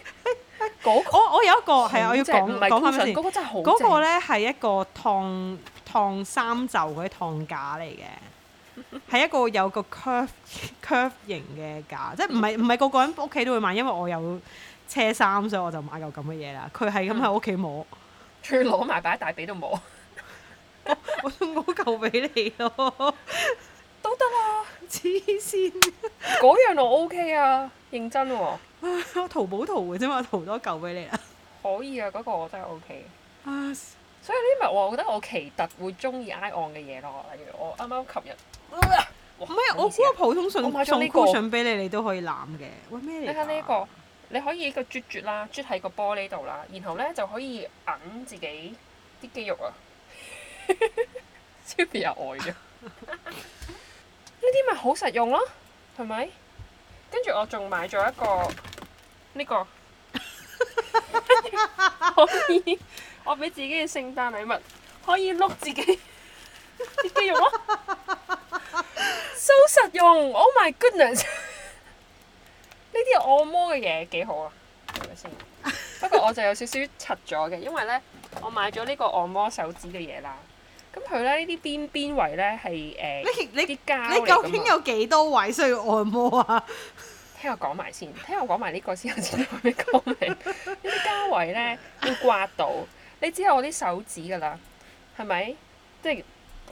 我我，有一個係我要講講，翻出嚟嗰個真係好，嗰個咧，係一個燙，燙衫袖嗰啲燙架嚟嘅，係一個有個 curve curve 型嘅架，即係唔係唔係，個個人屋企都會買，因為我有。車衫，所以我就買嚿咁嘅嘢啦。佢係咁喺屋企摸，仲要攞埋擺喺大髀度摸。我我送嚿俾你咯，都得啊。黐線，嗰樣我 OK 啊，認真喎。我淘寶淘嘅啫嘛，淘多嚿俾你啊。可以啊，嗰個我真係 OK。啊，所以呢啲咪我覺得我奇特會中意 I on 嘅嘢咯。例如我啱啱琴日，唔係我只係普通信送呢個信俾你，你都可以攬嘅。喂咩嚟？睇下呢個。你可以個啜啜啦，啜喺個玻璃度啦，然後呢就可以韌自己啲肌肉啊！ 超別有愛啊！呢啲咪好實用咯，係咪？跟住我仲買咗一個呢、這個 可以，我俾自己嘅聖誕禮物，可以碌自己啲肌肉咯！so、so、實用，Oh my goodness！呢啲按摩嘅嘢幾好啊，係咪先？ 不過我就有少少擦咗嘅，因為咧我買咗呢個按摩手指嘅嘢啦。咁佢咧呢啲邊邊位咧係誒？你你究竟有幾多位需要按摩啊？聽我講埋先，聽我講埋 呢個先，我先會畀各位。呢啲膠位咧要刮到，你知道我啲手指噶啦，係咪？即係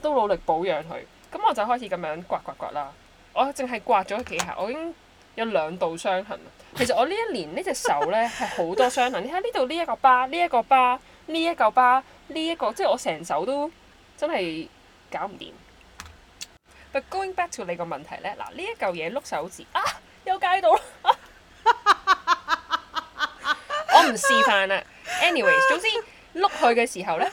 都努力保養佢，咁我就開始咁樣刮刮刮啦。我淨係刮咗幾下，我已經。有兩道傷痕。其實我呢一年呢隻手呢，係好 多傷痕。你睇呢度呢一個疤，這個，呢一個疤，呢一嚿疤，呢一個即係我成手都真係搞唔掂。 But going back to 你個問題呢，嗱呢一嚿嘢碌手指啊，又介到我唔示範啦。Anyways，總之碌佢嘅時候呢，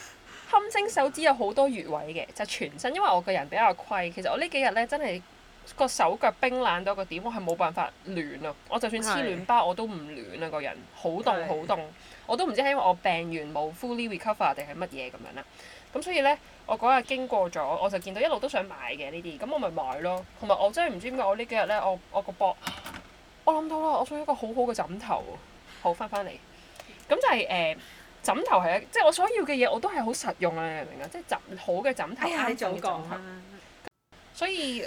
堪稱手指有好多穴位嘅，就、全身。因為我個人比較虧，其實我呢幾日呢，真係～個手腳冰冷到個點，我係冇辦法暖啊！我就算黐暖包我都唔暖啊！個人好凍的好凍，我都唔知係因為我病完冇 fully recover 定係乜嘢咁樣啦。咁所以咧，我嗰日經過咗，我就見到一路都想買嘅呢啲，咁我咪買咯。同埋我真係唔知點解我呢幾日咧，我呢我個波我諗到啦，我想要一個好好嘅枕頭。好，翻返嚟。咁就係、是、誒、呃，枕頭係一，即係我所要嘅嘢，我都係好實用啊！你明唔明啊，即係枕好嘅枕頭。係總講所以。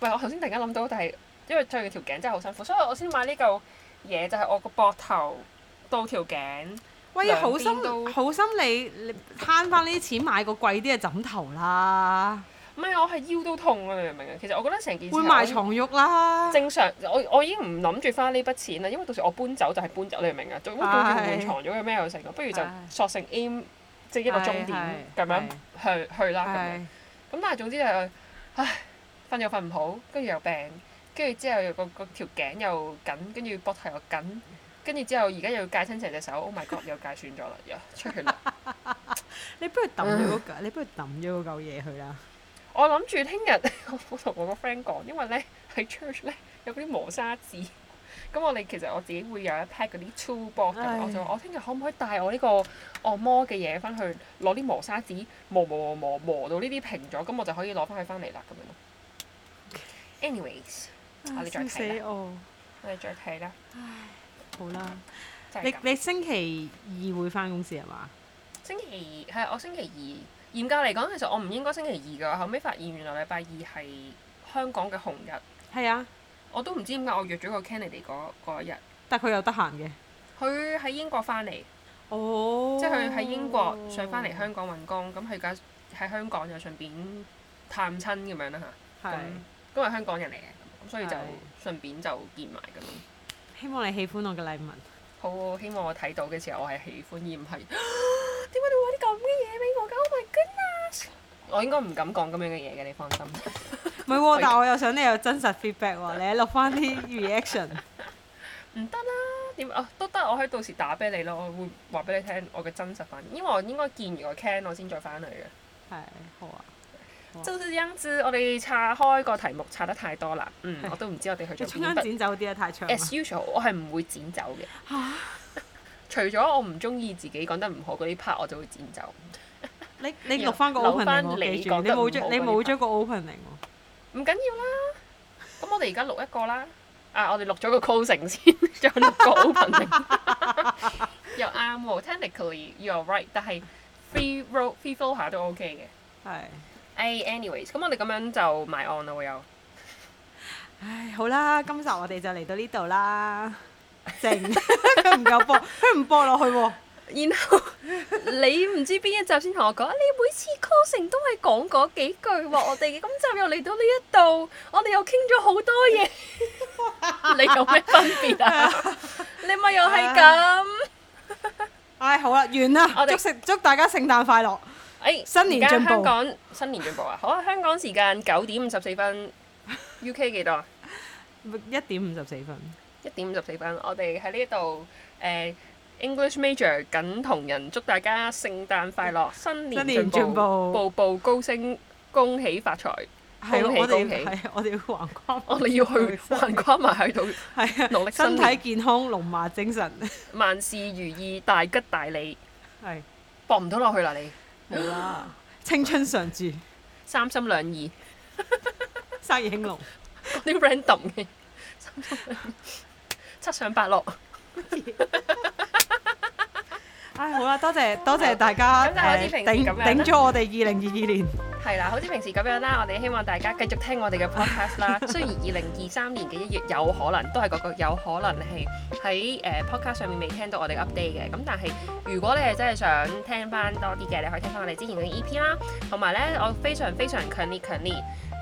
喂，我頭先突然間諗到，但係因為對住條頸真係好辛苦，所以我先買呢嚿嘢，就係、是、我個膊頭到條頸，喂，兩邊都好心。好心你，你慳翻呢啲錢買個貴啲嘅枕頭啦。唔係，我係腰都痛啊！你明唔明啊？其實我覺得成件事，會埋床褥啦。正常，我我已經唔諗住花呢筆錢啦，因為到時我搬走就係搬走，你明唔明啊？總總換埋床褥，有咩又成啊？不如就索性 aim 的即一個終點咁樣去去啦咁的樣。咁但係總之就係、是，唉。唉。瞓又瞓唔好，跟住又病，跟住之後又個個條頸又緊，跟住膊頭又緊，跟住之後而家又戒親成隻手。Oh my God！又戒損咗啦，又 出血啦。 你不如抌咗嗰嚿， 你不如抌咗嗰嚿嘢去啦 。我諗住聽日，我會同我個 friend 講，因為咧喺 church 咧有嗰啲磨砂紙。咁 我哋其實我自己會有一 pack 嗰啲粗波嘅，我就我聽日可唔可以帶我呢個按摩嘅嘢翻去攞啲磨砂紙磨磨磨磨磨，磨，磨到呢啲平咗，咁我就可以攞翻佢翻嚟啦，咁樣 Anyways，我哋再睇啦。好啦，你你星期二會翻公司係嘛？星期二係，我星期二嚴格嚟講，其實我唔應該星期二㗎。後尾發現原來禮拜二係香港嘅紅日。係啊！我都唔知點解我約咗個 Candy 嗰嗰日。但佢又得閒嘅。佢喺英國翻嚟。哦。即係佢喺英國上翻嚟香港搵工，咁佢而家喺香港就順便探親咁樣啦嚇。係。都係香港人嚟嘅，咁所以就順便就見埋咁咯。對希望你喜歡我嘅禮物。好希望我睇到嘅時候，我係喜歡而唔係點解你會攞啲咁嘅嘢俾我？Oh my God！我應該唔敢講咁樣嘅嘢嘅，你放心。唔係喎，但係我又想你有真實 feedback 喎， 你錄翻啲 reaction。唔得啦，點啊都得，我可以到時打俾你咯。我會話俾你聽我嘅真實反應，因為我應該見完個 can 我先再翻去嘅。係，好啊。周生智，我哋拆開個題目拆得太多啦。嗯，我都唔知我哋去咗邊。平剪走啲啊，太長。As usual，我係唔會剪走嘅。嚇！除咗我唔中意自己講得唔好嗰啲 part，我就會剪走。你你錄翻個 opening，你冇你冇將個 opening 喎。唔緊要啦。咁我哋而家錄一個啦。啊，我哋錄咗個 closing 先，再錄個 opening。又啱喎，technically you're right，但係 free roll free flow 下都 OK 嘅。係。哎，anyways，咁我哋咁樣就埋岸咯。又唉，好啦，今集我哋就嚟到呢度啦。正，佢唔夠博，佢唔播落去喎。然後你唔知邊一集先同我講，你每次 call 成都係講嗰幾句喎。我哋今集又嚟到呢一度，我哋又傾咗好多嘢。你有咩分別啊？你咪又係咁。哎，好啦，完啦！祝聖祝大家聖誕快樂。誒，而家香港新年進步啊！好啊，香港時間九點五十四分，UK 幾多啊？一點五十四分。一點五十四分，我哋喺呢度誒，English major 緊同人祝大家聖誕快樂，新年進步，步步高升，恭喜發財，恭喜恭喜！我哋要橫跨，我哋要去橫跨埋喺度，係啊！努力，身體健康，龍馬精神，萬事如意，大吉大利，係播唔到落去啦！你。好啦，青春常駐，三心兩意，生意興隆，啲 random 嘅，七上八落。唉，好啦，多謝多謝大家， 嗯呃、頂頂咗我哋二零二二年。係啦，好似平時咁樣啦，我哋希望大家繼續聽我哋嘅 podcast 啦。 雖然二零二三年嘅一月有可能都係、嗰個個有可能係喺誒 podcast 上面未聽到我哋 update 嘅，咁但係如果你係真係想聽翻多啲嘅，你可以聽翻我哋之前嘅 EP 啦。同埋咧，我非常非常強烈強烈。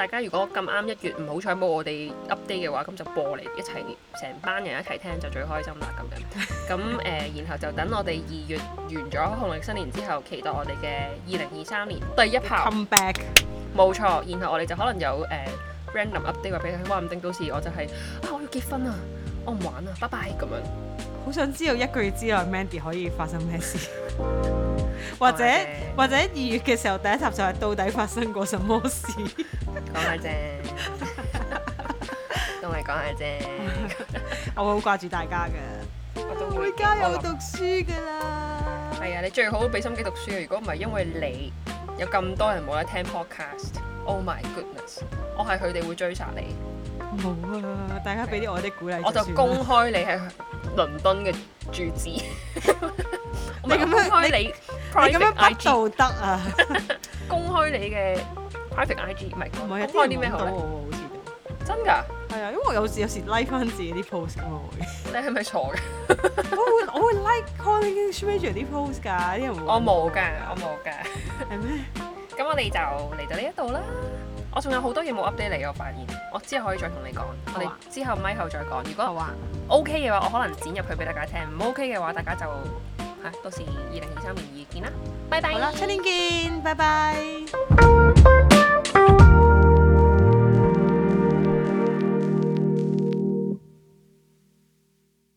大家如果咁啱一月唔好彩冇我哋 update 嘅話，咁就播嚟一齊，成班人一齊聽就最開心啦咁樣。咁誒、 呃，然後就等我哋二月完咗農曆新年之後，期待我哋嘅二零二三年第一炮 come back。冇錯，然後我哋就可能有誒、呃、random update，俾佢。話唔定到時我就係、是、啊我要結婚啊！我唔玩啦，拜拜咁樣。好想知道一個月之內 Mandy 可以發生咩事， 或者或者二月嘅時候第一集就係到底發生過什麼事。講 下啫，同埋講下啫， 我會好掛住大家嘅。我都會加油讀書㗎啦。係啊，你最好俾心機讀書啊。如果唔係因為你有咁多人冇得聽 podcast，Oh my goodness，我係佢哋會追查你。冇啊！大家俾啲我啲鼓勵。我就公開你喺倫敦嘅住址。你公開你？你咁樣不道德啊！公開你嘅 private IG，唔係公開啲咩好好，似真噶？係啊，因為有時有時 like 返自己啲 post 我會，你係咪錯嘅？我會我會 like calling english majors 啲 post 噶，啲人我冇㗎，我冇㗎。係咩？咁我哋就嚟到呢一度啦。我仲有好多嘢冇 update 嚟，我發現，我之後可以再同你講，啊、我哋之後咪後再講。如果 OK 嘅話，我可能剪入去俾大家聽；唔 OK 嘅話，大家就嚇，到時二零二三年二月見啦，拜拜。好啦吧，春天見，拜拜。